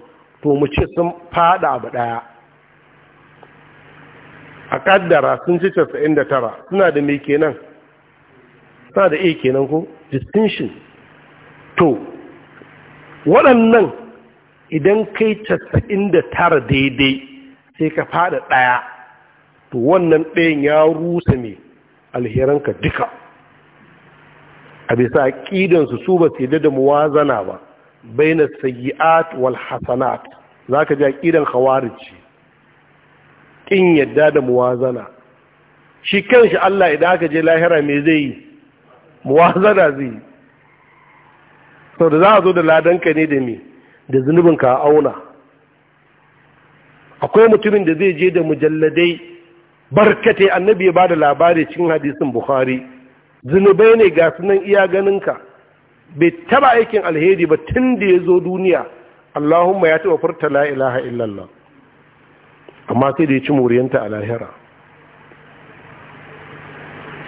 to mu ce sun fada abu daya a kaddara sun ci 99 suna da mai kenan suna da a kenan ko distinction to waɗannan idan kai tara daidai sai ka fada daya to wannan ɗayan ya rusa mai alheranka duka a bisa ƙidansu su ba su da muwazana ba baina sayiat wal hasanat za ka kiran aƙidan hawarici ƙin yadda da muwazana shi kanshi Allah idan aka je lahira me zai yi muwazana zai yi sau da za a zo da ladanka ne da me da zunubinka a auna akwai mutumin da zai je da mujalladai barkate annabi ya ba da labari cikin hadisin Buhari. zunubai ne ga sunan iya ganinka bai taba aikin alheri ba tun da ya zo duniya Allahumma ya taɓa furta la ilaha illallah amma sai da ya ci muriyanta a lahira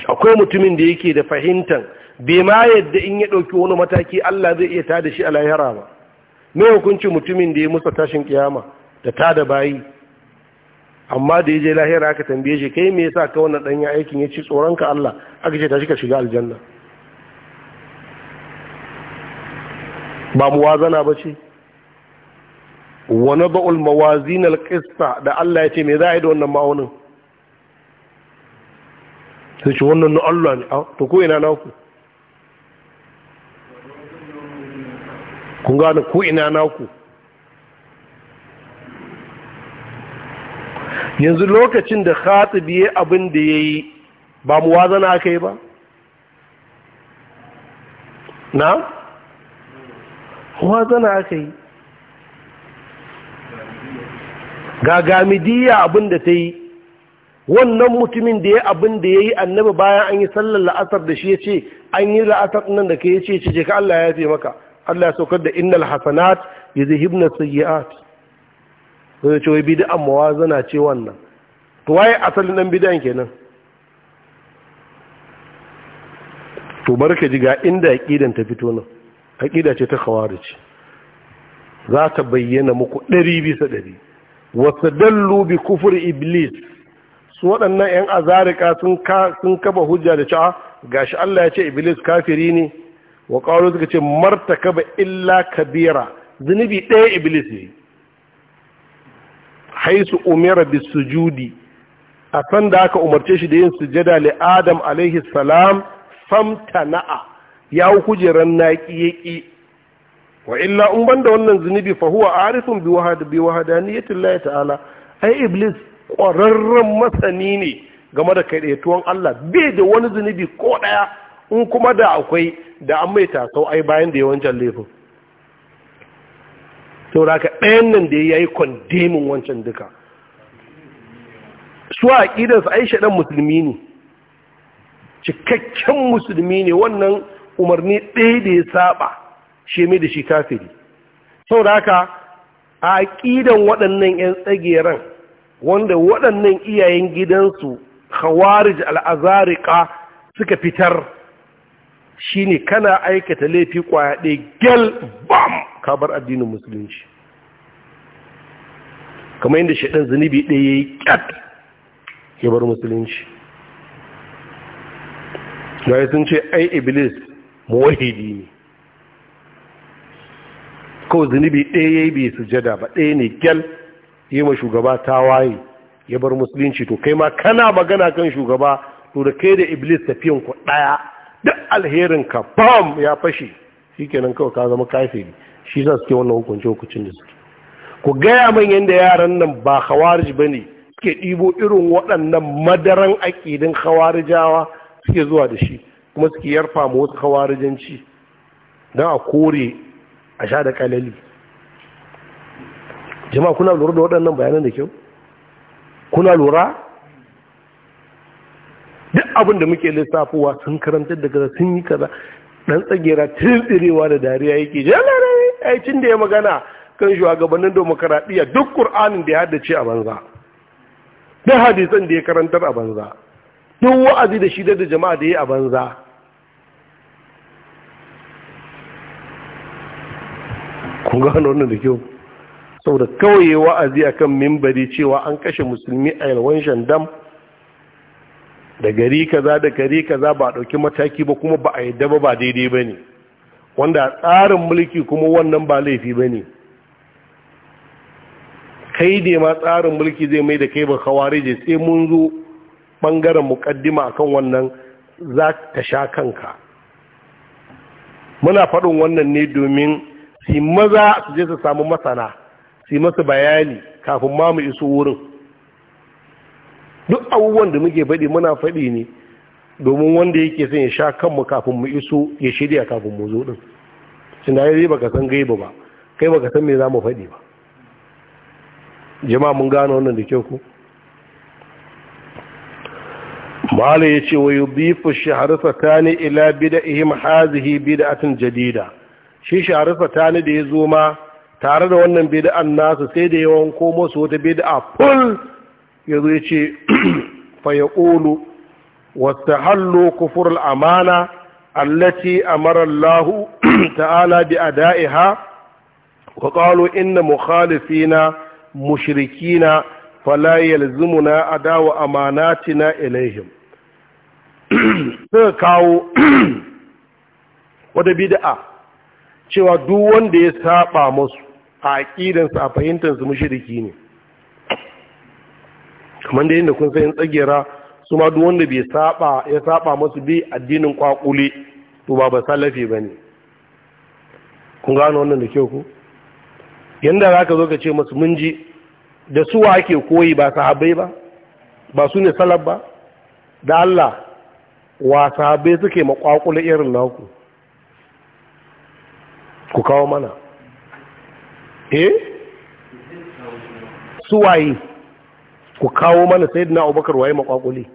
akwai mutumin da yake da fahimtan bai ma yadda in ya ɗauki wani mataki Allah zai iya tada shi a lahira ba mai hukuncin mutumin da ya musa tashin kiyama da tada bayi amma da ya je lahira aka tambaye shi kai me yasa ka wannan ɗanyen aikin ya ci tsoronka Allah aka ce tashi ka shiga aljanna ba muwazana ba ce Wani naba'ul mawazin alqista da Allah ya ce me za a yi da wannan ma'aunin sai ce wannan na Allah ne ah, to ko ina naku kun gane ko ina naku yanzu lokacin da khatib ya abin da ya yi ba mu wazana aka yi ba na wazana aka yi ga gamidiya abin da ta yi wannan mutumin da ya abin da ya yi annaba bayan an yi sallar la'asar da shi ya ce an yi la'asar nan da ka yi ce ce ka Allah ya fi maka Allah ya saukar da innal hasanat ya zai hibna sayyi'at ya ce wai bid'an mawazana ce wannan to waye asalin dan bid'an kenan to barka ji ga inda aqidan ta fito nan aqida ce ta khawarij za ta bayyana muku ɗari bisa ɗari. wasu bi kufur iblis su waɗannan 'yan azarika sun kaba hujja da cewa shi Allah ya ce iblis kafiri ne wa ƙwaro suka ce marta kaba illa kabira zunubi ɗaya iblis ne haisu umira bi sujudi a san da aka umarce shi da yin sujada li adam alaihi salam famtana'a ya kujeran naƙi yaƙi wa illa in da wannan zunubi fa huwa arifun bi wahad bi wahdaniyati Allah ta'ala ai iblis ƙwararren masani ne game da tuwon Allah bai da wani zunubi ko ɗaya in kuma da akwai da an mai tasau ai bayan da yawancin laifin to raka ɗayan nan da ya yi kwandemin wancan duka su a kidan su Aisha dan musulmi ne cikakken musulmi ne wannan umarni ɗaya da ya saba shi mai da shi kafiri sau da haka a ƙidan waɗannan 'yan tsageren wanda waɗannan iyayen gidansu khawarij al'azarika suka fitar shi ne kana aikata laifi kwaya ɗai gyal bam kabar addinin musulunci kamar yadda shaɗan zunubi ɗaya ya yi ƙyat ya bar musulunci ya sun ce ai iblis mawahidi ne kawai zunubi ɗaya ya yi bai sujada ba ɗaya ne gyal yi ma shugaba ta waye ya bar musulunci to kai ma kana magana kan shugaba to da kai da iblis tafiyan ku ɗaya duk alherin bam ya fashe shikenan kawai ka zama ne shi za su ke wannan hukunci hukuncin da suke ku gaya min yadda yaran nan ba khawarij ba ne suke ɗibo irin waɗannan madaran aƙidin khawarijawa suke zuwa da shi kuma suke yarfa ma wasu khawarijanci don a kore a sha da kalali jama'a kuna lura da waɗannan bayanan da kyau kuna lura duk abin da muke lissafowa sun da daga sun yi kaza dan tsagera tsirewa da dariya yake jalare aicin da ya magana kan shugabannin demokaradiyya duk qur'anin da ya haddace a banza duk hadisan da ya karantar a banza duk wa'azi da shi da jama'a da ya a banza kun gano wannan da kyau saboda kawai wa'azi akan mimbari cewa an kashe musulmi a yalwan dam da gari kaza da gari kaza ba a ɗauki mataki ba kuma ba a yadda ba ba daidai ba ne wanda tsarin mulki kuma wannan ba laifi ba ne kai ne ma tsarin mulki zai mai da kai ba kawari je sai mun zo ɓangaren mukaddima akan wannan za ta sha kanka muna faɗin wannan ne domin si maza su je su samu masana si masa bayani kafin ma mu isu wurin duk abubuwan da muke faɗi muna faɗi ne domin wanda yake son ya sha kanmu kafin mu isu ya shirya kafin mu zo din shin na baka san gaiba ba kai baka san me za mu faɗi ba jama'a mun gano wannan da kyau ko mala yace wa yudifu shahr sakani ila bid'ihim hazihi bid'atun jadida shi shari ni da ya zo ma tare da wannan bid'an nasu sai da yawan komo su wata bid'a ful ya zo ya ce <clears throat> fa ya ƙulu wata hallo kufur amana allati amara Allah <clears throat> ta'ala bi ada'iha wa qalu inna mukhalifina zumuna fala dawo adawa na ilaihim suka kawo <clears throat> wata bid'a cewa duk wanda ya saba masu a aƙidansu a fahimtansu mushriki ne kamar da yadda kun san tsagera su ma duk wanda bai ya saba masu bi addinin kwakule to ba ba salafi ne kun gano wannan da kyau ku za ka zo ka ce masu munji da da suwa ake koyi ba sahabai ba ba su ne salaf ba da Allah wa sahabai suke makwakula irin naku ku kawo mana eh suwaye ku kawo mana sayyidina abubakar waye makwakuli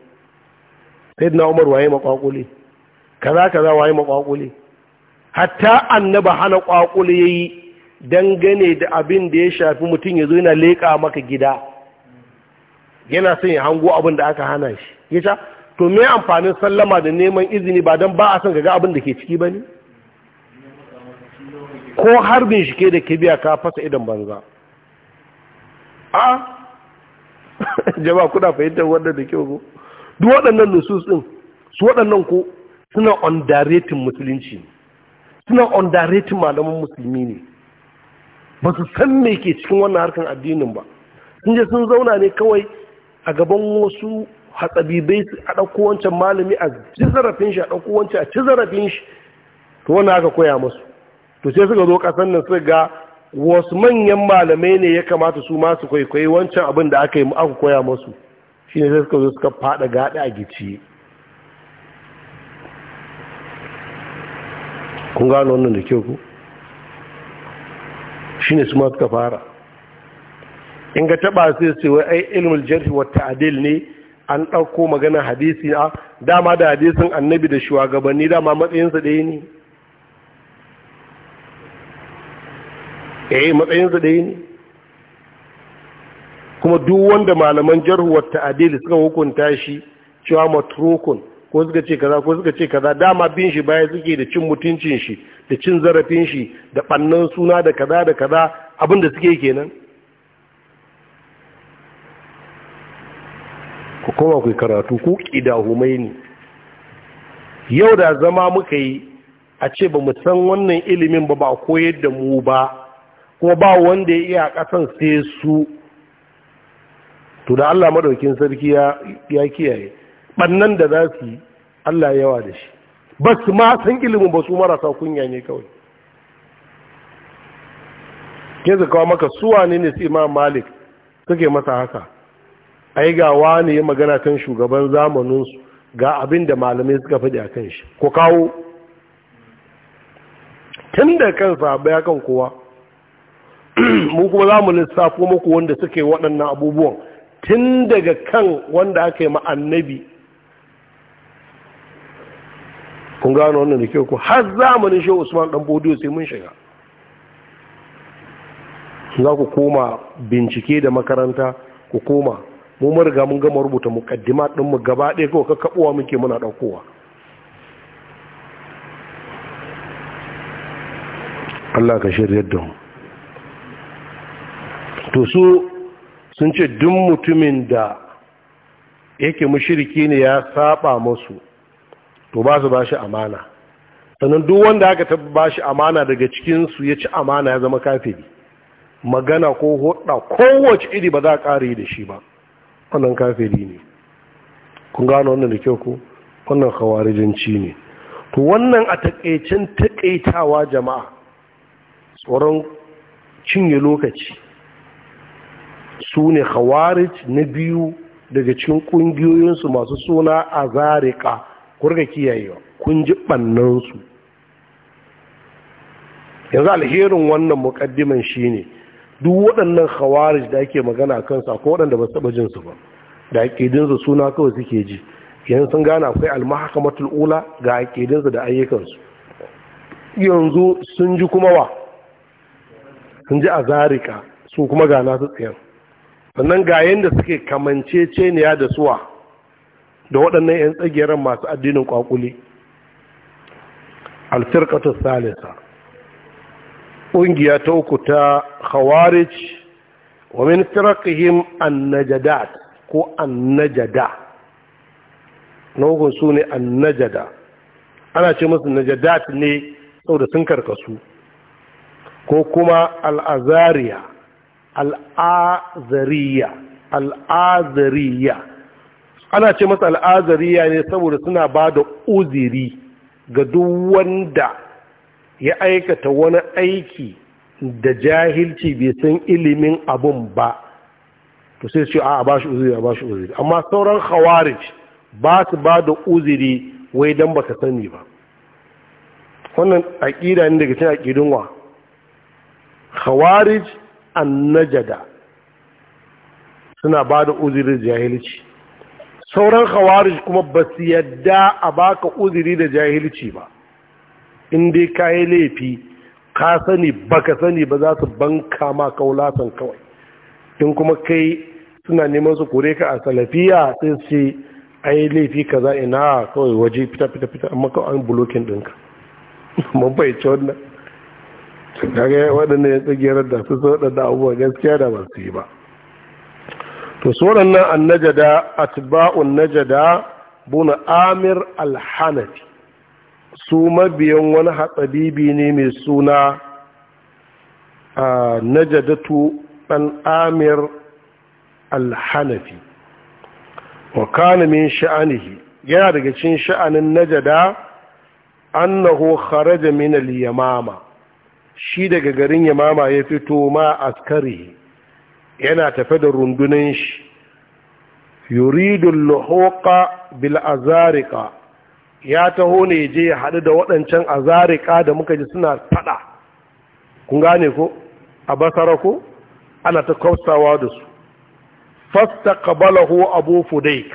sayyidina umar waye makwakuli kaza kaza waye makwakuli hatta annaba hana kwakuli yayi dangane da abin da ya shafi mutum yazo yana leka maka gida yana son ya hango abin da aka hana shi yace to me amfanin sallama da neman izini ba dan ba a son gaga abin da ke ciki bane ko har bincike da kibiya ka fasa idan banza a <laughs> jama'a kuna fahimtar wannan da kyau ko duk waɗannan nusus ɗin su waɗannan ko suna ondaretin musulunci suna ondaretin malaman musulmi ne ba su san me ke cikin wannan harkar addinin ba sun je sun zauna ne kawai a gaban wasu hatsabibai a ɗauko wancan malami a ci zarafin shi a ɗauko wancan a ci zarafin shi to wani aka koya masu to sai suka zo kasan nan suka ga wasu manyan malamai ne ya kamata su masu kwaikwayi wancan abin da aka yi aka koya musu shine sai suka zo suka fada gaɗa a gici kun gano wannan da kyau ku shine su ma suka fara in ga taba sai su wai ai ilmul jarh wa ta'dil ne an ɗauko maganar hadisi a dama da hadisin annabi da shugabanni dama matsayinsa ɗaya ne E, matsayinsa ɗaya ne kuma duk wanda malaman jarhuwar ta'adili suka hukunta shi cewa matrokun ko suka ce kaza ko suka ce kaza dama bin shi baya suke da cin mutuncin shi da cin zarafin shi da ɓannan suna da kaza da kaza da suke kenan ku koma ku karatu ku ƙidahumai ne yau da zama muka yi a ce ba mu san wannan ilimin ba ba koyar da mu ba kuma ba wanda ya iya kasan sai su to da Allah madaukin sarki ya kiyaye bannan da za su yi Allah yawa da shi ba su ma san ilimin ba su marasa kunya ne kawai ke su maka suwa ne ne su imam malik suke masa haka ai ga wani ya magana kan shugaban zamaninsu ga abin da malamai suka faɗi a kan shi ko kawo tun da kan kan kowa <clears throat> mu kuma za mu lissafo muku wanda suke waɗannan abubuwan tun daga kan wanda aka yi ma'annabi kun gano wannan da kyau ku har zamanin shehu usman dan bodiyo sai mun shiga za ku koma bincike da makaranta ku koma mu mun mun gama rubuta mukaddima din mu gaba ɗaya kawai kabuwa muke muna ɗaukowa Allah ka shiryar da mu to su sun ce duk mutumin da yake mushiriki ne ya saba musu to ba su ba shi amana sannan duk wanda aka ba shi amana daga cikinsu ya ci amana ya zama kafiri magana ko hudda kowace iri ba za a ƙari da shi ba wannan kafiri ne kun gano wannan da kyau ko wannan hawarijanci ne to wannan a takaicin takaitawa jama'a tsoron cinye lokaci su ne khawarij na biyu daga cikin ƙungiyoyinsu masu suna a zarika kurga kiyayewa kun ji ɓannansu yanzu alherin wannan mukaddiman shine duk waɗannan khawarij da ake magana kansu akwai waɗanda ba taɓa jinsu ba da aƙidinsu suna kawai suke ji yanzu sun gane akwai almahakamatul ula ga aƙidinsu da ayyukansu yanzu sun ji kuma wa sun ji a zariƙa? su kuma gana su tsayar sannan ga yadda suke kamanceceniya da suwa da waɗannan 'yan tsagiyar masu addinin ƙwaƙuli alfirkatar salisa ƙungiya ta uku ta khawarij wa min firakihim Najada ko annajada na hukun su ne annajada ana ce musu najadat ne saboda sun karkasu ko kuma al'azariya al'azariya al'azariya ana ce masa al'azariya ne saboda suna ba da uziri ga duk wanda ya aikata wani aiki da jahilci bai san ilimin abun ba to sai ce a ba shi uziri a ba shi uziri amma sauran khawarij ba su ba da uziri wai don ba ka sani ba wannan aƙida ne daga cin aƙidunwa khawarij annajada suna ba da uzirin jahilci sauran khawarij kuma ba su yadda a baka uziri da jahilci ba in dai ka yi laifi ka sani baka sani ba za su banka ma kaulatan kawai in kuma kai suna neman su kore ka a salafiya sai su a yi laifi ka za ina kawai waje fita fita fita amma kawai an bulokin ɗinka <laughs> mun bai wannan kaga waɗanda ya tsagerar da su waɗanda abubuwa gaskiya da ba su yi ba to su waɗannan an najada atba'un najada buna amir alhanafi su mabiyan wani hatsabibi ne mai suna a najadatu ɗan amir alhanafi wa kanamin sha'anihi yana daga cikin sha'anin najada annahu kharaja min al-yamama shi daga garin yamama ya fito ma askari yana tafe da rundunan shi yuridun lahoka bil azarika ya taho ne je ya haɗu da waɗancan azarika da muka ji suna faɗa kun gane ko a basara ko ana ta kausawa da su fasta kabalahu abu fudaik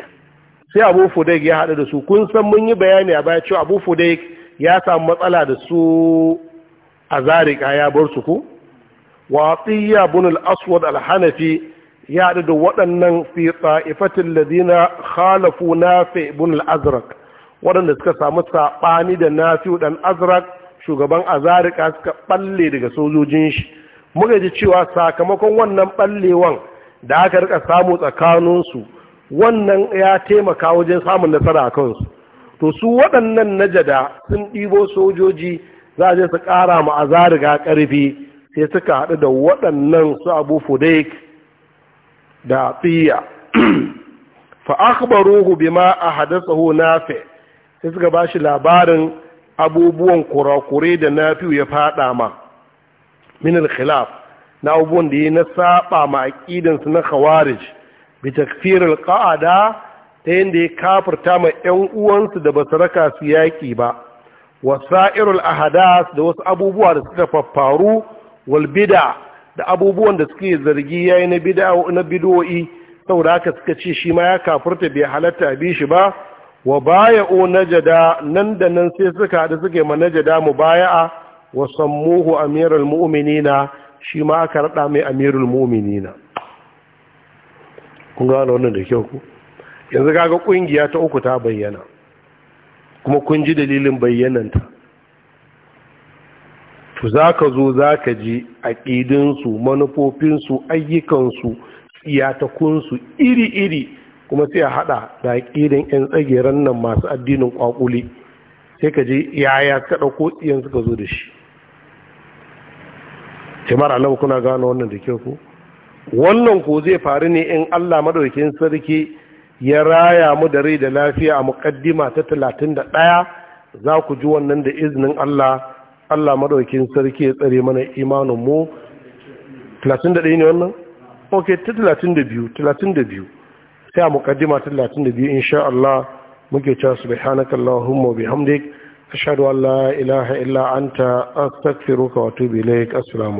sai abu fudaik ya haɗu da su kun san mun yi bayani a baya cewa abu fudaik ya samu matsala da su a zarika ya bar su ko watsiya bin al-aswad al-hanafi ya da waɗannan fi tsa'ifatin ladina khalafu nafi bin al-azraq waɗanda suka samu saɓani da nafi ɗan azraq shugaban azarika suka ɓalle daga sojojin shi muka ji cewa sakamakon wannan ɓallewan da aka rika samu tsakaninsu wannan ya taimaka wajen samun nasara a kansu to su waɗannan najada sun ɗibo sojoji za a je su ƙara ma azariga ƙarfi sai suka haɗu da waɗannan su abu fudek da tsiya <clears throat> fa akhbaruhu bima ahadathahu nafi sai suka ba shi labarin abubuwan kurakure da nafi ya faɗa ma min khilaf na abubuwan da ya na saɓa ma aqidan su na khawarij bi takfir al-qa'ada ta yadda ya kafirta ma 'yan uwansu da basu raka su yaƙi ba wasa'irul ahadas da wasu abubuwa da suka faru wal bid'a da abubuwan da suke zargi yayi na bid'a na bid'o'i saboda haka suka ce shi ma ya kafurta bai halatta bi shi ba wa baya'u najada nan da nan sai suka da suke ma najada mubaya'a wa sammuhu amirul mu'minina shi ma aka rada mai amirul mu'minina kun ga wannan da kyau ku yanzu kaga kungiya ta uku ta bayyana kuma kun ji dalilin bayyananta to za ka zo za ka ji aƙidinsu manufofinsu ayyukansu tsiyatakunsu iri-iri kuma sai a haɗa da aƙidin 'yan tsageren nan masu addinin ƙwaƙuli sai ka ji yaya ka ɗauko tsiyan suka zo da shi jama'ar alamu kuna gano wannan da kyau ko wannan ko zai faru ne in allah madaukin sarki ya raya mu da rai da lafiya a muƙaddima ta talatin da ɗaya za ku ji wannan da izinin Allah Allah maɗaukin sarki ya tsare mana imanin mu talatin da ɗaya ne wannan? ok ta talatin da biyu talatin da biyu sai a muƙaddima talatin da biyu insha Allah muke cewa subhanaka Allahumma bihamdik ashhadu an la ilaha illa anta astaghfiruka wa atubu ilaik assalamu